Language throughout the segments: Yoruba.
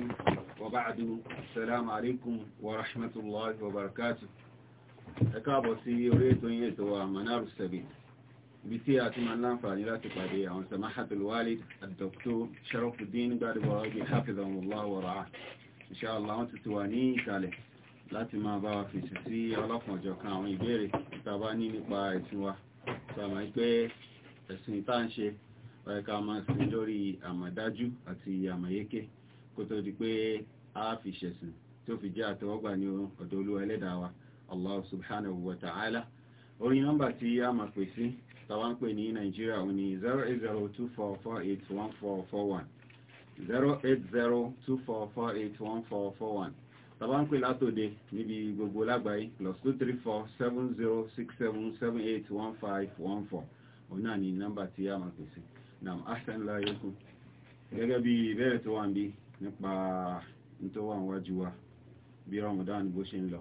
مسلم وبعد السلام عليكم ورحمة الله وبركاته ẹkáàbọ̀ sí orí ètò yìí ètò wa manar sabil ibi tí a tún ma láǹfààní láti pàdé àwọn samahatul walid àdọ̀któ sharafuddin gbádùgbà ọgbẹ̀ hafizahullah wa ra'a inṣáàlá wọ́n ti ti wà ní ìkàlẹ̀ láti máa bá wa fèsì sí ọlọ́kan ọjọ́ kan àwọn ìbéèrè tàbá ní nípa ẹ̀sìn wa sàmà pé ẹ̀sìn tá ń ṣe ọ̀ẹ́ka máa sin lórí àmọ̀dájú àti àmọ̀yéké kó tó di pé a fi ṣẹ̀sìn tó fi jẹ́ àtẹ́wọ́gbà ní ọ̀dọ̀ olúwa ẹlẹ́dàá allah subhanahu wa ta'ala orí nọ́mbà tí a máa pè sí tàwa ń pè ní nàìjíríà ò 08024481441 08024481441 tàwa ń pè látòde níbi gbogbo lágbàáyé plus 2347067781514 òun náà ni nọ́mbà tí a máa pè sí nam ahsan laayekun gẹ́gẹ́ bí ìbéèrè tó wà ń nípa tó wà níwájú wa bí Ramadan bó ṣe ń lọ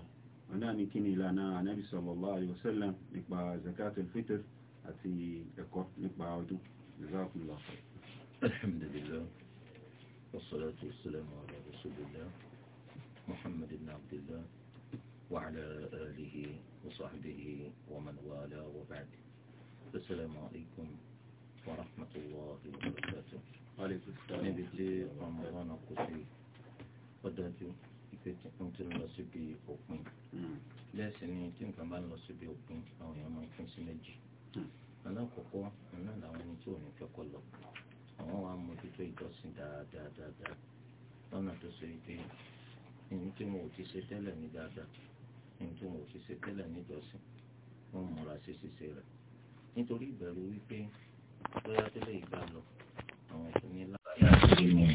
ọ̀nà ní kí ni ìlànà Ànábì sallallahu alaihi wasallam nípa zakatul fitr àti ẹ̀kọ́ nípa ọdún jazakumullah khair alhamdulillah wassalatu wassalamu ala rasulillah muhammad ibn abdillah wa ala alihi wa sahbihi wa man wala wa ba'd assalamu alaikum wa rahmatullahi wa barakatuh níbi tí ọmọ ọ̀nà kò sí ó dájú ìpè tí n ti lọ síbi òpin hmm. lẹ́sìn ni tí nǹkan bá lọ síbi òpin àwọn èèyàn máa ń pín sí méjì hmm. alákọ̀ọ́kọ́ náà làwọn ẹni tí ò ní fẹ́ kọ́ lọ àwọn wa mójútó ìjọsìn dáadáa dáadáa lọ́nà tó ṣe pé ẹni tí wọn ò ti ṣe tẹ́lẹ̀ ní dáadáa ẹni tí wọn ò ti ṣe tẹ́lẹ̀ níjọsìn wọn múra sí ṣíṣe rẹ̀ nítorí ìbẹ̀rù wípé bóyá tẹ́lẹ̀ ìgbà lọ àwọn tó ní láàyè àti nínú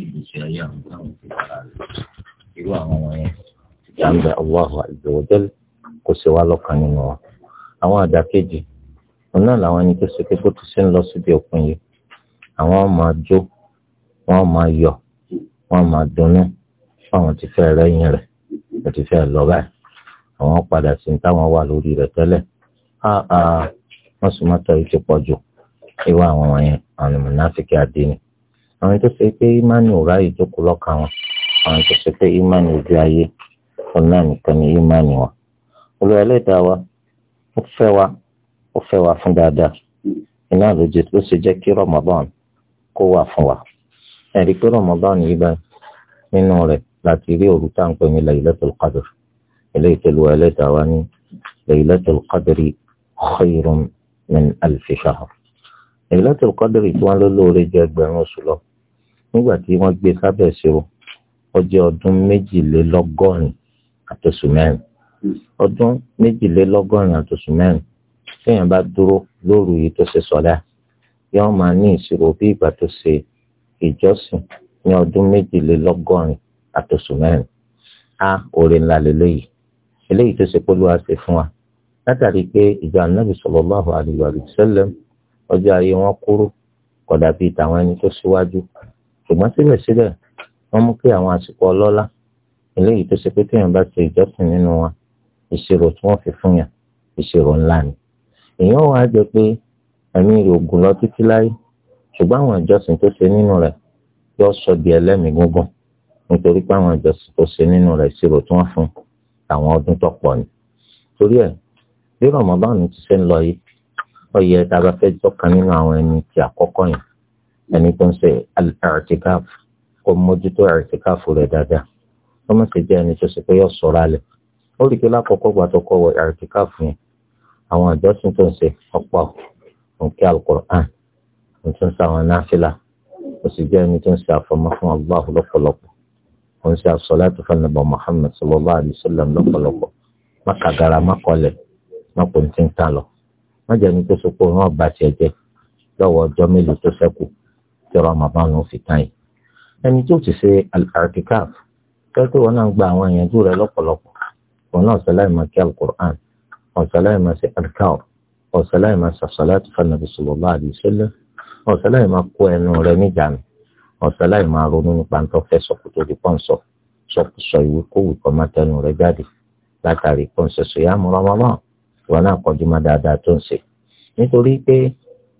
ìgbésí ayé àwọn táwọn ti bára rẹ̀ irú àwọn wọ̀nyẹn. ìyá ń bẹ Allahu azza wa jal kò sí wa lọ́kàn nínú wa àwọn àdàkejì òun náà làwọn ẹni tó ṣe pé bó ti ṣe ń lọ síbi òkun yìí àwọn máa jó wọn máa yọ̀ wọn máa dunnú fáwọn ti fẹ́ rẹ́yìn rẹ̀ àti fẹ́ lọ báyìí àwọn padà sí ní táwọn wà lórí rẹ̀ tẹ́lẹ̀ wọ́n sì máa tọ́ ìṣe pọ̀ jù ìwà àwọn wọ̀nyẹn àwọn mùnáfíkì àdéhùn àwọn tó ṣe pé ìmánu ọ̀rá yìí tó kú lọ́kà wọn àwọn tó ṣe pé ìmánu ojú ayé fún náà nìkan ni ìmánu wọn. olùwà ẹlẹ́dàá wa ó fẹ́ wa ó fẹ́ wa fún dáadáa iná lójú ó ṣe jẹ́ kí Ramadan kó wà fún wa. ẹ̀rí pé Ramadan yìí bá nínú rẹ̀ láti rí òru tá à ń pè ní Laylatul Qadr eléyìí tó lu ẹlẹ́dàá wa ní Laylatul Qadri khayrun min alfi shahr. Lailatul Qadr tí wọ́n ló lóore ju ẹgbẹ̀rún oṣù lọ nígbà tí wọ́n gbé sábẹ̀ ṣòro ó jẹ́ ọdún méjìlélọ́gọ́rin àtòṣù mẹ́rin ọdún méjìlélọ́gọ́rin àtòṣù mẹ́rin téèyàn bá dúró lóru yìí tó ṣe sọ́dá yóò máa ní ìṣirò bí ìgbà tó ṣe ìjọsìn ní ọdún méjìlélọ́gọ́rin àtòṣù mẹ́rin a òrè ńlá lélẹ́yìí eléyìí tó ṣe polówó ṣe fún wa látàrí pé ìjọ anábì sallallahu alaihi wa sallam ọjọ́ ayé wọn kúrú kódà bíi tàwọn ẹni tó síwájú ṣùgbọ́n síbẹ̀síbẹ̀ wọ́n mú kí àwọn àsìkò ọlọ́lá eléyìí tó ṣe pé téèyàn bá ṣe ìjọsìn nínú wọn ìṣirò tí wọ́n fi fún yàn ìṣirò ńlá ni èèyàn wàá jẹ pé ẹ̀mí ògùn lọ títí láyé ṣùgbọ́n àwọn ìjọsìn tó ṣe nínú rẹ̀ yóò sọ di ẹlẹ́mìí gúngún nítorí pé àwọn ìjọsìn tó ṣe nínú rẹ̀ ìṣirò tí wọ́n fún àwọn ọdún tó pọ̀ ni torí ẹ̀ bí Ramadan ti ṣe ń lọ yìí ọyẹ tá a bá fẹ́ tọ́ka nínú àwọn ẹni tí àkọ́kọ́ yẹn ẹni tó ń ṣe ẹ̀rẹ̀tìkáf kó mójútó ẹ̀rẹ̀tìkáf rẹ̀ dáadáa wọ́n mọ̀ sí jẹ́ ẹni tó ṣe pé yóò sọ̀rọ̀ alẹ̀ ó rí i pé lákọ̀ọ́kọ́ gbà tó kọ́ wọ ẹ̀rẹ̀tìkáf yẹn àwọn àjọsìn tó ń ṣe ọ̀pọ̀ òǹkẹ́ alukur'an ó tún ṣe àwọn náfìlà ó sì jẹ́ ẹni tó ń ṣe àfọmọ́ fún Allah lọ́pọ̀lọpọ̀ ó ń ṣe àsọ̀láàtì Muhammad sallallahu alayhi wa sallam lọ́pọ̀lọpọ̀ má kàgàrà má kọlẹ̀ wọ́n jẹ́ ní tó so pé wọ́n bá tiẹ̀ jẹ́ lọ́wọ́ ọjọ́ mélòó tó ṣẹ́kù tí Ramadan ló fi tán yìí. ẹni tó ti ṣe al-i'tikaf wọn náà gba àwọn ìyànjú rẹ lọ́pọ̀lọpọ̀ wọn náà sọlá ìmọ̀ kí al-Qur'an wọn sọlá ìmọ̀ sí al-kaw wọn sọlá ìmọ̀ sọ̀sọ̀lá ti fa nàbì sallallahu alaihi wasallam wọn sọlá ìmọ̀ kó ẹnu rẹ níjànú wọn sọlá ìmọ̀ ronú nípa ń tọ́fẹ́ sọ̀kòtò di pọ́ǹsọ̀ sọ̀kòsọ̀ ìwé kówì kọ́ má rẹ jáde látàrí pọ́ǹsẹ̀ sọ̀yàmù Ramadan ìwà náà kọjú mọ́ dáadáa tó ń ṣe nítorí pé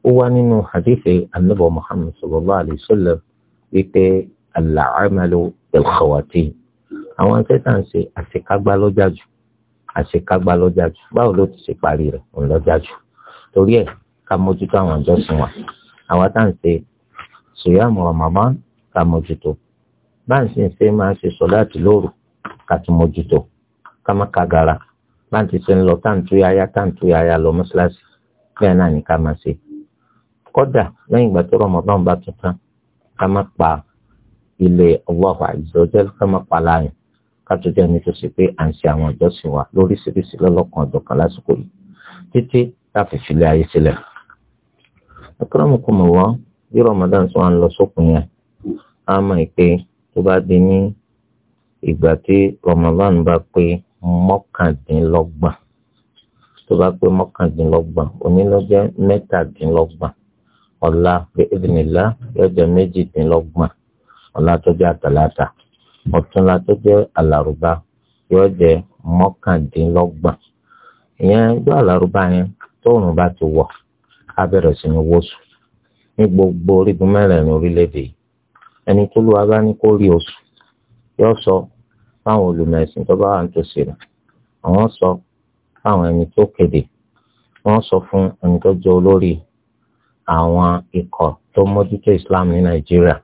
ó wá nínú hadithi anábọ̀ muhammed sallallahu alayhi wa sallam wípé alaamalu ilkhawati àwọn akẹ́kọ̀ọ́ ń ṣe àṣekágbá lọ́jà jù àṣekágbá lọ́jà jù báwo ló ti ṣe parí rẹ̀ ń lọ́jà jù torí ẹ̀ ká mójútó àwọn ìjọsìn wa àwa tá ń ṣe sùyàmù ọ̀mọ̀mọ́ ká mójútó báńsì ń ṣe ń ṣe sọ̀láàtì lóru ká tún mójútó ká má kagara láti ṣe ń lọ táǹtú yáyá táǹtú yáyá lọ mọ́ṣáláṣí bẹ́ẹ̀ náà ní ká máa ṣe. kódà lẹ́yìn ìgbà tó Ramadan bá tún tán ká má pa ilé Allahu Azza wa Jalla ká má pa láàyàn ká tó jẹ́ nítòsí pé à ń ṣe àwọn ìjọsìn wa lóríṣiríṣi lọ́lọ́kan ọ̀dọ̀kan lásìkò yìí títí láti filẹ̀ ayé sílẹ̀. akọ́nàmọ́kùnmọ̀ wọ́n bí Ramadan tí wọ́n lọ sókun yẹn á mọ̀ pé tó bá di ní ìgbà tí Ramadan bá pé mọ́kàndínlọ́gbọ̀n tó bá pé mọ́kàndínlọ́gbọ̀n onílọ́jẹ́ mẹ́tàdínlọ́gbọ̀n ọ̀la pé ìdìnnìlá yọjọ méjìdínlọ́gbọ̀n ọ̀la tó jẹ́ àtàláta ọ̀túnla tó jẹ́ àlàrúbá yọjẹ mọ́kàndínlọ́gbọ̀n ìyẹn gbọ́ àlàrúbá yẹn tóòrùn bá ti wọ̀ á bẹ̀rẹ̀ sí ní wọ́sù ní gbogbo orígun mẹ́rẹ̀ẹ̀rin orílẹ̀-èdè yìí ẹni tó lù wá bá ní kó rí oṣù yóò sọ fáwọn olùmẹ̀sìn tó bá wà nítòsí rẹ̀ àwọn sọ fáwọn ẹni tó kéde wọ́n sọ fún ẹni tó jẹ́ olórí àwọn ikọ̀ tó mójútó Islam ní Nàìjíríà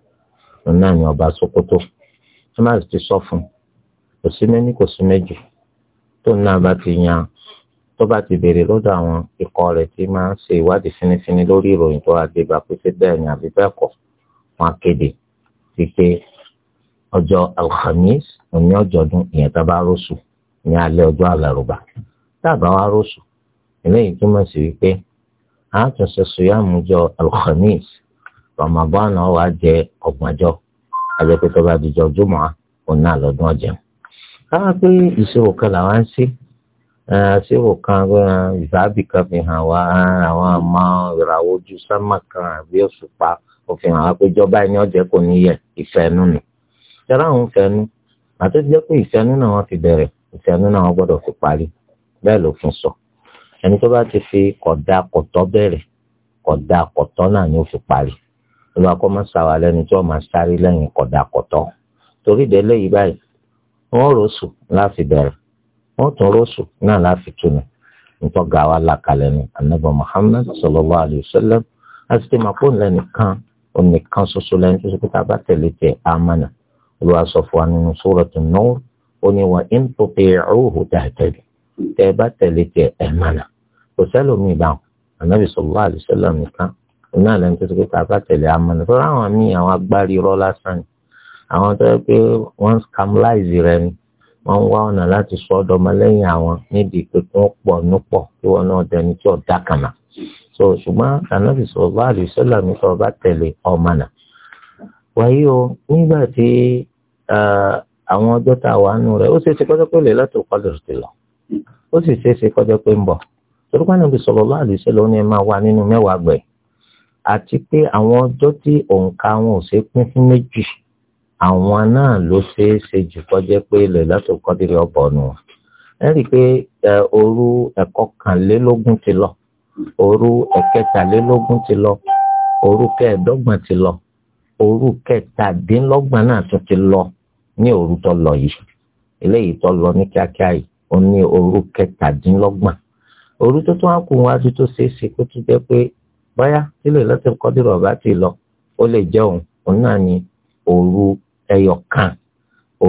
òun náà ni ọba Sokoto tó má sì ti sọ fún kò sí méní kò sí méjì tó náà bá ti yan tó bá ti béèrè lọ́dọ̀ àwọn ikọ̀ rẹ̀ tí máa ń ṣe ìwádìí fínífíní lórí ìròyìn tó agbègbè àpèsè bẹ́ẹ̀ ni àbí bẹ́ẹ̀ kọ́ wọn kéde wípé ọjọ́ alhamis òní ọjọ́dún ìyẹn tá a bá rọṣù ní alẹ́ ọjọ́ alárùbá tá a bá wá rọṣù eléyìí túmọ̀ sí wípé a tún ṣe sùyàmù jọ alhamis ramadan wa jẹ ọgbọ̀njọ́ ajẹ́pẹ́ tó bá dijọ́ jùmọ̀ òun náà lọ́dún ọ̀jẹ̀. káwá pé ìṣirò kan làwa ń ṣe ṣírò kan ìsáàbì kan fi hàn wá àwọn ọmọ ìràwọ̀ ojú sámà kan àbí òṣùpá òfin àwọn àpéjọba ẹni ọ̀jẹ̀ kò ní yẹ ìfẹ́ nù ni ṣẹlá àwọn ìfẹ́nu àti jẹ́ pé ìfẹ́nu náà wọ́n fi bẹ̀rẹ̀ ìfẹ́nu náà wọ́n gbọ́dọ̀ fi parí bẹ́ẹ̀ ló fún sọ ẹni tó bá ti fi kọ̀dà kọ̀tọ́ bẹ̀rẹ̀ kọ̀dà kọ̀tọ́ náà ni ó fi parí ìlú akọ́mọ́sáwá lẹ́ni tí wọ́n máa sáré lẹ́yìn kọ̀dà kọ̀tọ́ torí ìdẹ́lẹ́ yìí báyìí wọ́n rọ̀ṣù láti bẹ̀rẹ̀ wọ́n tún rọ̀ṣù náà láti túnu nítorí ọ̀gá wa làkàlẹ̀ ni anábọ̀ Muhammad sallallahu alayhi wa sallam àti tèmàpọ̀ lẹ́nìkan onìkan ṣoṣo lẹ́ni tó ṣe pé tá a bá tẹ̀lé tẹ̀ àmàna olùwà sọ fún wa nínú Suratul Nur ó ní wa in tuti'uhu tahtadu tẹ́ ẹ bá tẹ̀lé tẹ ẹ̀ mánà kò sẹ́lòmíì báwọn ànábì sallallahu alaihi wasallam nìkan iná lẹ́nu tó ti pé tá a bá tẹ̀lé amọ̀nà tó ráwọn míì àwọn agbárí irọ́ lásán ni àwọn tó yẹ pé wọ́n ń scamlize rẹ ni wọ́n ń wá ọ̀nà láti sọ ọ́ dọmọlẹ́yìn àwọn níbi pé pọ̀ núpọ̀ wáyé o nígbà tí àwọn ọjọ́ tá a wà nù rẹ̀ ó ṣe é ṣe kọjá pé Laylatul Qadr ti lọ ó sì ṣe é ṣe kọjá pé ń bọ̀ torí pé Ànábì sallallahu alaihi wasallam ni ẹ máa wà nínú mẹ́wàá gbẹ̀ àti pé àwọn ọjọ́ tí òǹkà wọn ò ṣe pín sí méjì àwọn náà ló ṣe é ṣe jù kọjá pé Laylatul Qadr ọ̀bọ̀ nù ẹ rí i pé òru ẹ̀kọkànlélógún ti lọ òru ẹ̀kẹtàlélógún ti lọ òru kẹẹ̀ẹ́dọ́gbọ̀n ti lọ òru kẹtàdínlọ́gbọ̀n náà tún ti lọ ní òru tó lọ yìí eléyìí tó lọ ní kíákíá yìí ó ní òru kẹtàdínlọ́gbọ̀n òru tó tún á kù wájú tó ṣeé ṣe kó tún jẹ́ pé báyá sílẹ̀ lọ́tẹ̀ kọ́dúrọ̀ bá ti lọ ó lè jẹ́ òun òun náà ní òru ẹyọkan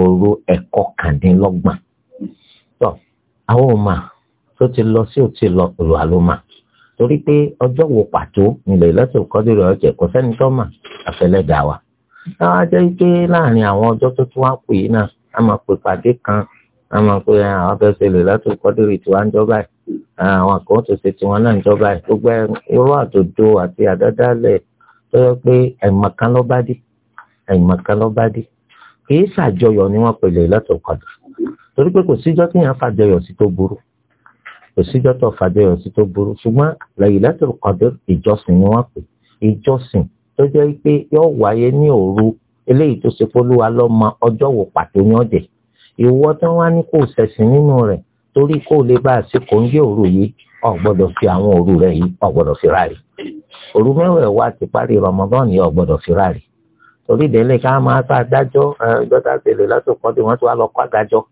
òru ẹ̀kọkàndínlọ́gbọ̀n tó àwọn ọmọ tó ti lọ sí òtí lọ òru àlọ́mà torí pé ọjọ́ wo pàtó nílẹ̀ lọ́sẹ̀ kọ́dúrú ọ̀jẹ̀ kò sẹ́ni tó mà àfẹlẹ́dà wa. táwa jẹ́ pé láàrin àwọn ọjọ́ tó tún wá pè é náà a máa pè pàdé kan a máa pè àwọn fẹ́ ṣe lè lọ́sẹ̀ kọ́dúrú tiwa ń jọba yìí àwọn kan tó ṣe tiwọn náà ń jọba yìí gbogbo irú àtòdó àti àdádálẹ̀ tó yẹ pé ẹ̀mọ̀kan ló bá dé ẹ̀mọ̀kan ló bá dé kì í ṣàjọyọ̀ ni wọ́n pè lè lọ́sẹ̀ kọ́dúrú torí pé kò síjọ́ tí fàjọyọ̀ sí tó burú kò síjọ́ tó fàjọyọ̀ sí tó burú ṣùgbọ́n Laylatul Qadr ìjọsìn ni wọ́n pè ìjọsìn tó jẹ́ pé yóò wáyé ní òru eléyìí tó ṣe polúwa lọ́mọ ọjọ́ wo pàtó ní ọ̀jẹ̀ ìwọ tí wọ́n ní kò ṣẹ̀sìn nínú rẹ̀ torí kó lè bá a ṣe kò ń gé òru yìí ọ̀ gbọ́dọ̀ fi àwọn òru rẹ̀ yìí ọ̀ fi ráàrí òru mẹ́wẹ̀ẹ́ wa ti parí Ramadan yìí ọ̀ fi ráàrí torí ìdẹ́lẹ̀ ká máa bá adájọ́ ẹ̀ẹ́dọ́tà tẹ̀lé lásìkò tí wọ́n ti wá lọ kọ́ adájọ́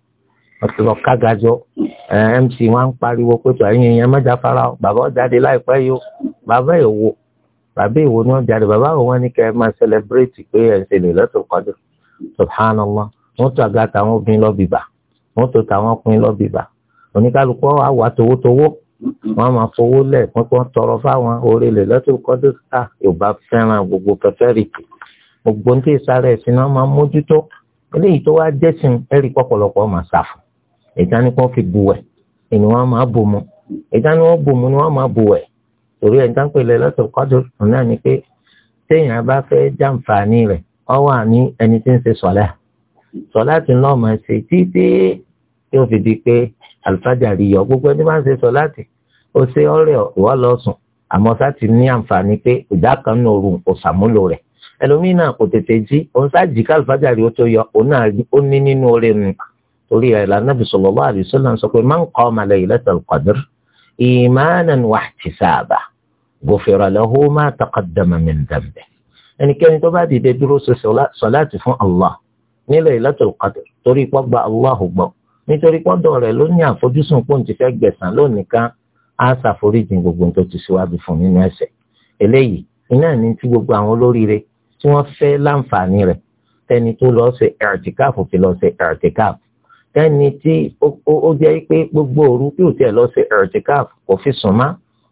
ọtí lọ kágajọ mc wọn ń pariwo pé ẹ̀yin èèyàn mẹ́ta fara ọ bàbá ọjáde láìpẹ́ yìí ó bàbá èwo bàbá èwo ni wọn jáde bàbá àwọn wọn ní kẹ́ ẹ máa sẹlẹbírẹtì pé ẹ ń ṣe lè lọtò kọjú subhanallah wọn tó àga táwọn obìnrin lọ bìbà wọn tó táwọn ọkùnrin lọ bìbà oníkálukú àwà towótowó wọn máa fowó lẹ wọn tó ń tọrọ fáwọn orí lè lọtò kọjú ká yorùbá fẹ́ràn gbogbo pẹfẹrìtì gbogbo ní tí ìsàrẹ ìsinmi wọn máa mójútó eléyìí tó wá jẹsìn ẹrí pọpọlọpọ máa ṣàfù ìdání kan fi bu wẹ̀ ìní wọn máa bò mu ìdání wọn bò mu ni wọn máa bò wẹ̀ torí ẹ̀ ń dáńpẹ́ lẹ lọ́sọ̀ kọ́dọ̀ náà ni pé téèyàn bá fẹ́ jàǹfààní rẹ̀ ọ wà ní ẹni tí ń ṣe sọ̀lá sọ̀lá ti ń lọ́ọ̀mọ̀ ṣe títí yóò fi di pé àlùfáàjà rí yọ gbogbo ẹni bá ń ṣe sọ̀lá tì ó ṣe ọ̀rẹ́ ìwọ́ lọ sùn àmọ́ sá ti ní àǹfààní pé ìdá kan náà òru kò ṣàmúlò rẹ̀ ẹlòmíín kò tètè jí òun sá jí kálùfáàjà rí ó tó yọ òun náà ní nínú oore nù torí ẹ̀ lànàbì sallallahu alaihi wasallam sọ pé man qama laylatal qadr imanan wa ihtisaban ghufira lahu ma taqaddama min dhanbi ẹnikẹ́ni tó bá dìde dúró ṣe sọláàtì fún Allah ní laylatul qadr torí pọ́ gba Allah gbọ́ nítorí pọ́dọ̀ rẹ̀ ló ní àfojúsùn pé òun ti fẹ́ gbẹ̀san lónìí kan á ṣàforíjìn gbogbo tó ti síwájú fún nínú ẹ̀ṣẹ̀ eléyìí iná ní tí gbogbo àwọn olóríire tí wọ́n fẹ́ láǹfààní rẹ̀ tẹni tó lọ ṣe ẹ̀rtìkáàfù fi lọ ṣe ẹ̀rtìkáàfù ẹni tí ó jẹ́ pé gbogbo òru kí ò tiẹ̀ lọ sí ẹ̀rọ̀tìkáf kò fi sùn má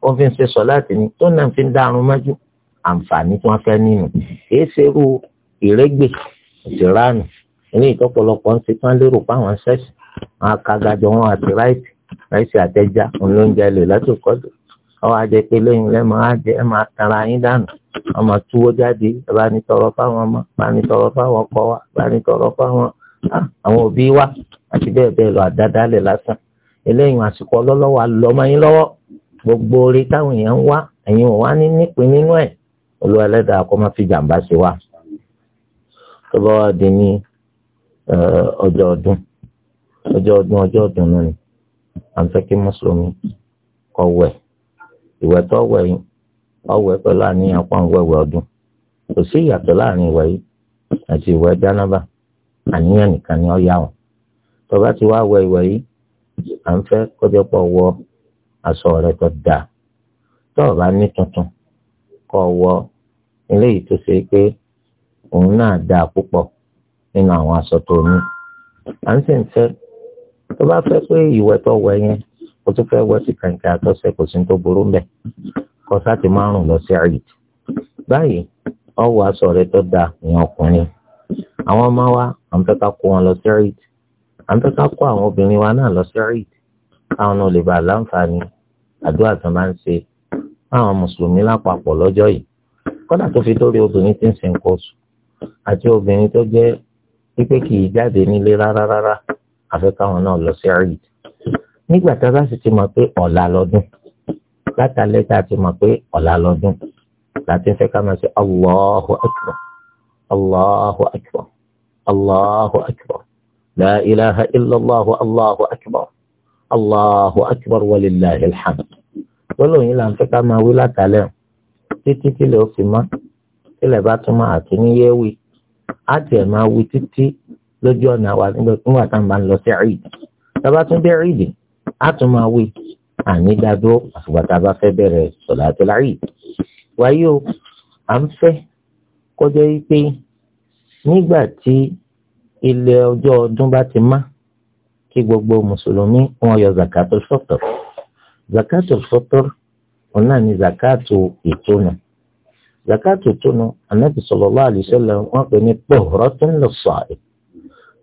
ó fi ń ṣe sọ láti ní tó náà fi ń dárun mọ́jú àǹfààní tí wọ́n fẹ́ nínú kì í ṣerú ìrẹ́gbẹ̀ ìtìránù ilé ìtọ́pọ̀lọpọ̀ ń ṣetán lérò páwọn ṣẹ́ẹ̀ṣì wọn akagájọ wọn àti ráìtì ráìtì àtẹjá òun ló ń jẹ lè látòkọ́dọ̀ ọwọ́ ajẹ́ pé lóyún lẹ́mọ̀ á jẹ́ ẹ máa tara yín dànù ọmọ túwó jáde ẹ bá ní tọrọ fáwọn ọmọ bá ní tọrọ fáwọn ọkọ wa bá ní tọrọ fáwọn Ah, àwọn òbí wa àti bẹ́ẹ̀ bẹ́ẹ̀ lọ àdádálẹ̀ lásán eléyìí àsìkò ọlọ́lọ́wọ́ àlọ́mọ yín lọ́wọ́ gbogbo orí táwọn èèyàn ń wá ẹ̀yin ò wá ní nípìn nínú ẹ̀ olúwa ẹlẹ́dàá kó má fi jàǹbá sí wa tó bá wá di ní ọjọ́ ọdún ọjọ́ ọdún ọjọ́ ọdún náà ni à ń fẹ́ kí mùsùlùmí kó wẹ̀ ìwẹ̀ tó wẹ̀ yìí ọwẹ̀ pẹ̀lú àníyàn pọ̀ ń wẹ̀wẹ̀ ọdún kò sí ìyàtọ̀ láàrin ìwẹ̀ yìí àti ìwẹ̀ jánábà àníyàn nìkan ni ọ yá wọn tọba ti wá wọ ìwẹ yìí à ń fẹ́ wọ aṣọ rẹ tó dáa tọba ní tuntun wọ eléyìí tó ṣe pé òun náà dáa púpọ̀ nínú àwọn aṣọ tó ní à ń ń pé ìwẹ tó wẹ tún fẹ́ wẹ sí àtọsẹ kò sí àwọn ọmọ wa àwọn fẹ́ ká kó wọn lọ sí rìd àwọn fẹ́ ká kó àwọn obìnrin wa náà lọ sí rìd káwọn náà lè bá láǹfààní àdúrà tó máa ń ṣe fáwọn mùsùlùmí lápapọ̀ lọ́jọ́ yìí kọ́dà tó fi dórí obìnrin tí ń sin kóòtù àti obìnrin tó jẹ́ pípé kì í jáde nílé rárá rárá àfẹ́ káwọn náà lọ sí rìd nígbà tá a bá sì ti mọ̀ pé ọ̀la lọ́dún látàlẹ́ tá a ti mọ̀ pé ọ̀la lọ́dún láti fẹ́ ká máa ṣe Allahu Akbar Allahu Akbar. Allahu akbar la ilaha illallah Allahu akbar Allahu akbar walillahi alhamd gbọ́dọ̀ yín là ń fẹ́ ká máa wí látàlẹ́ títí tí lè fi mọ́ tílẹ̀ bá tún máa àti níyẹ́ wí á tiẹ̀ máa wí títí lójú ọ̀nà wa nígbà tá à ń bá ń lọ sí Eid tá a bá tún dé Eid á tún máa wí àní dádúró àfìgbà tá a bá fẹ́ bẹ̀rẹ̀ sọ̀lá àti láàyè wáyé o à ń fẹ́ kọjá yìí pé nígbà tí ilẹ̀ ọjọ́ ọdún bá ti má kí gbogbo mùsùlùmí wọn yọ zakatul fitr zakatul fitr wọn náà ní zakatu ìtúnu zakatu ìtúnu anabi sallallahu alaihi wasallam wọn pè ní tuhratun lis-sa'im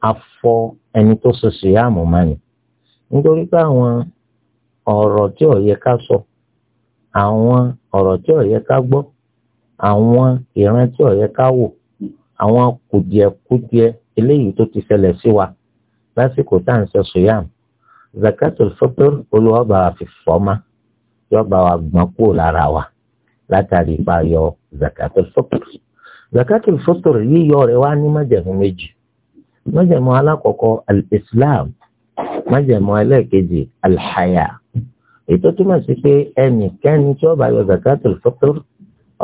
afọ ẹni tó ṣe síyàmù mání nítorí pé àwọn ọ̀rọ̀ tí ò yẹ ká sọ àwọn ọ̀rọ̀ tí ò yẹ ká gbọ́ àwọn ìran tí ò yẹ ká wò àwọn kùdìẹ̀kudiẹ eléyìí tó ti ṣẹlẹ̀ sí wa lásìkò tá à ń ṣe sòyàm zakatul fitr olùwàbà fífọ́mà yọba wa gbọ́n kúrò lára wa látàrí ipa yọ zakatul fitr zakatul fitr yíyọ rẹ̀ wá ní májẹ̀mú méjì májẹ̀mú alákọ̀ọ́kọ́ al-islam májẹ̀mú ẹlẹ́ẹ̀kejì al-haya ètò túmọ̀ sí pé ẹnikẹ́ni tí ó bá yọ zakatul fitr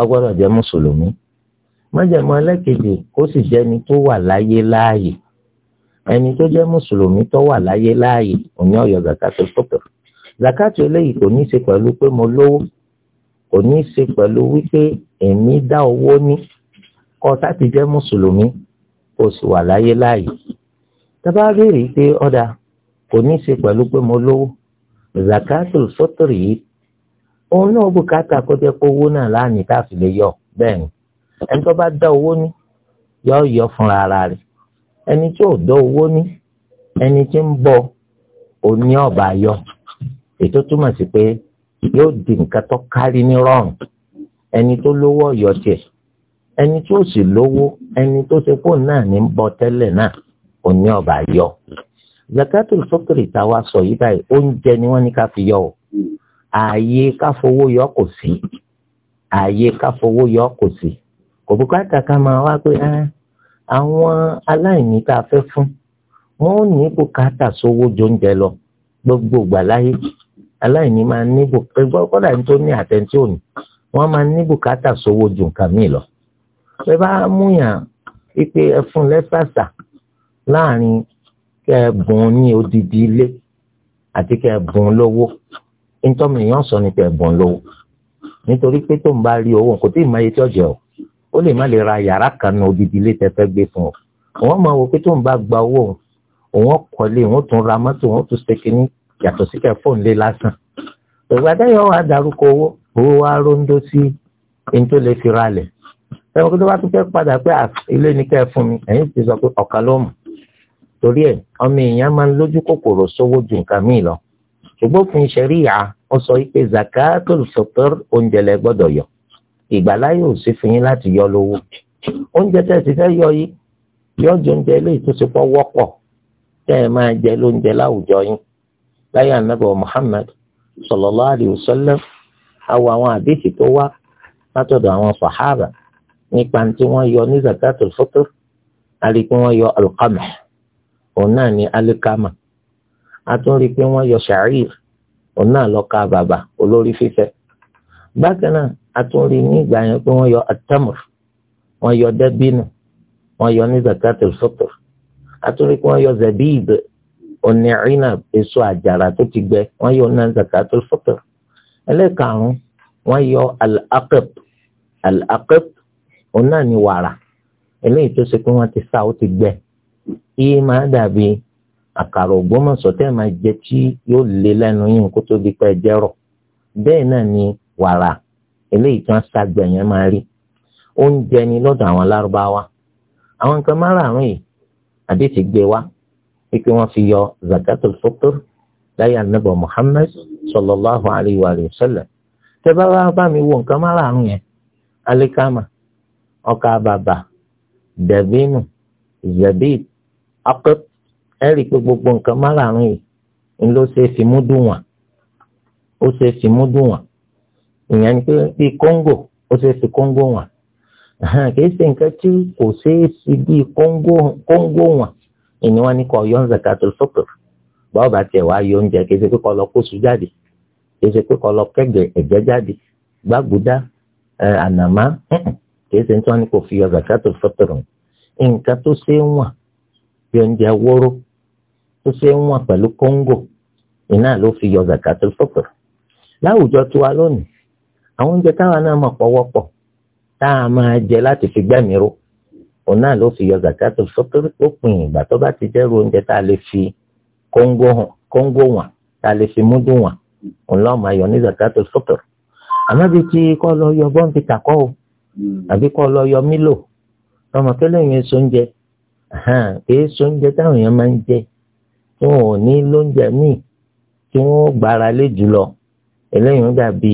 ó jẹ́ mùsùlùmí májẹ̀mú ẹlẹ́kejì ó sì jẹ́ ẹni tó wà láyé láàyè ẹni tó jẹ́ mùsùlùmí tó wà láyé láàyè òní ọ̀yọ́ zakatu fọ́tọ̀ zakatu eléyìí kò ní í ṣe pẹ̀lú pé mo lówó kò ní í ṣe pẹ̀lú wípé èmi dá owó ní kọ́ sáti jẹ́ mùsùlùmí kò sì wà láyé láàyè tábà béèrè pé ọ̀dà kò ní í ṣe pẹ̀lú pé mo lówó zakatu fọ́tọ̀ yìí òun náà bùkátà kó jẹ́ pé náà láàánú tá a fi lè yọ bẹ́ẹ̀ ni ẹni tó bá dá owó ní yọ yọ fúnra ara rẹ̀ ẹni tí ò dá owó ní ẹni tí ń bọ òní ọba yọ ètò túmọ̀ sí pé yóò di nǹkan tó kárí ní rọrùn ẹni tó lówó ọyọ tiẹ̀ ẹni tí ó sì lówó ẹni tó ṣe fóònù náà ní ń bọ tẹ́lẹ̀ náà òní ọba yọ zakatul fitri táwa sọ yìí báyìí oúnjẹ ni wọ́n ní ká fi yọ o ààyè káfowó yọ kò sí ààyè káfowó yọ kò sí kò bùkátà ká máa wá pé àwọn aláìní tá a fẹ́ fún wọn ò ní bùkátà sówó jóúnjẹ lọ gbogbo ìgbà láyé aláìní máa ní bùkátà kọ́dà tó ní àtẹ̀ntí òní wọ́n máa ní bùkátà sówó ju nǹkan míì lọ. ẹ bá múyàn pípé ẹfun lẹ́sàsà láàrin kẹ́ẹ̀bùn ní odidi ilé àti kẹ́ẹ̀bùn lówó nítorí èèyàn sọ ni kẹ́ẹ̀bùn lówó nítorí pé tó ń bá rí owó kò tí ì máa yẹ tí ọ̀jẹ̀ o ó lè má lè ra yàrá kan ní odidi ilé tẹ́fẹ́ gbé fún ọ òun máa wò pé tó ń bá gba owó òun òun kọ́lé òun tún ra mọ́tò òun tún ṣe kínní yàtọ̀ sí kẹ́ fóònù lé lásán ìgbà dáyọ̀ wà dárúkọ owó owó wa róńdó sí ẹni tó lè fi ralẹ̀ ẹ̀rọ tó bá tún fẹ́ padà pé ilé ní kẹ́ fún mi ẹ̀yin ti sọ pé ọ̀kan ló mọ̀ torí ẹ̀ ọmọ èèyàn máa ń lójú kòkòrò sówó ju nǹkan míì lọ ṣùgbọ́n fún ìṣẹ̀ríyà ó sọ pé zakatul fitr oúnjẹ lẹ gbọ́dọ̀ yọ ìgbàláyè ò sí fún yín láti yọ lówó oúnjẹ tẹ́ ẹ ti fẹ́ yọ yìí yọ jẹ oúnjẹ eléyìí tó ti pọ̀ wọ́pọ̀ tẹ́ ẹ máa jẹ lóúnjẹ láwùjọ yín láyé ànábì Muhammad sallallahu alaihi wasallam àwọ àwọn àdéhì tó wá látọ̀dọ̀ àwọn sàhábà nípa tí wọ́n yọ ní zakatul fitr àrí pé wọ́n yọ alqamah òun náà ní alikama a tún rí i pé wọ́n yọ sha'ir òun náà lọ́ka bàbà olórí fífẹ́ bákan náà atúnrí ní ìgbà yẹn pé wọ́n yọ atamur wọ́n yọ dẹ́bínú wọ́n yọ ní zakat al-fitr atúnrí pé wọ́n yọ zabib onírìnà èso àjàrà tó ti gbẹ wọ́n yọ ní zakat al-fitr ẹlẹ́karùn-ún wọ́n yọ al-aqib al-aqib òun náà ní wàrà eléyìí tó ṣe pé wọ́n ti sá ó ti gbẹ iye máa dàbí àkàrà ògbómọ̀ṣọ́ tẹ́ máa jẹ tí yóò lé lẹ́nu yín kó tó di pẹ́ jẹ́rọ̀ bẹ́ẹ̀ náà ni wàrà eléyìí tí wọ́n ṣàgbẹ̀yẹn máa rí oúnjẹ ni lọ́dọ̀ àwọn lárúbáwá àwọn nǹkan márààrún yìí àdéhìí gbé wá pípé wọ́n fi yọ zakatul fitr láyé anábọ̀ Muhammad sallallahu alayhi wa sallam tẹ́bá wá bá mi wo nǹkan márààrún yẹn alikama ọkà bàbà dàbínù zabib Akut. ẹ̀rí pé gbogbo nǹkan márààrún yìí ń ló ṣe é fi mú dùn wọ́n ó ṣe fi mú dùn wọ́n ìyẹn ni pé bíi kóńgò ó ṣe fi kóńgò wọn kì í ṣe nǹkan tí kò ṣeé ṣe bíi kóńgò wọn ìní wọn ní kọ yọ zakatul fitr báwo bá tiẹ̀ wá yọ oúnjẹ kì í ṣe pé kọ́ lọ kóṣù jáde kì í ṣe pé kọ́ lọ kẹ́gẹ̀ ẹ̀jẹ̀ jáde gbàgbúdá ànàmá kì ṣe tí wọn ní kò fi yọ zakatul fitr nǹkan tó ṣe ń wọn bí oúnjẹ wóró tó ṣe ń wọn pẹ̀lú kóńgò iná ló fi yọ zakatul fitr láwùjọ tiwa lónìí àwọn oúnjẹ táwọn náà mọ̀ pọ̀wọ́pọ̀ tá a máa jẹ láti fi gbẹ́mìí ró òun náà ló fi yọ zakatul fitr lópin ìgbà tó bá ti jẹ́rú oúnjẹ tá a lè fi kóńgò wọn tá a lè fi múdù wọn òun lọ́ọ́ máa yọ ní zakatul fitr àmọ́ bíi ti kọ́ lọ yọ bọ́ǹpìtà kọ́ o àbí kọ́ lọ yọ mílò ọmọ kẹlẹ́ yẹn so oúnjẹ kìí so oúnjẹ táwọn èèyàn máa ń jẹ tí wọn ò ní lóúnjẹ míì tí wọn gbára lé jùlọ eléyìí dàbí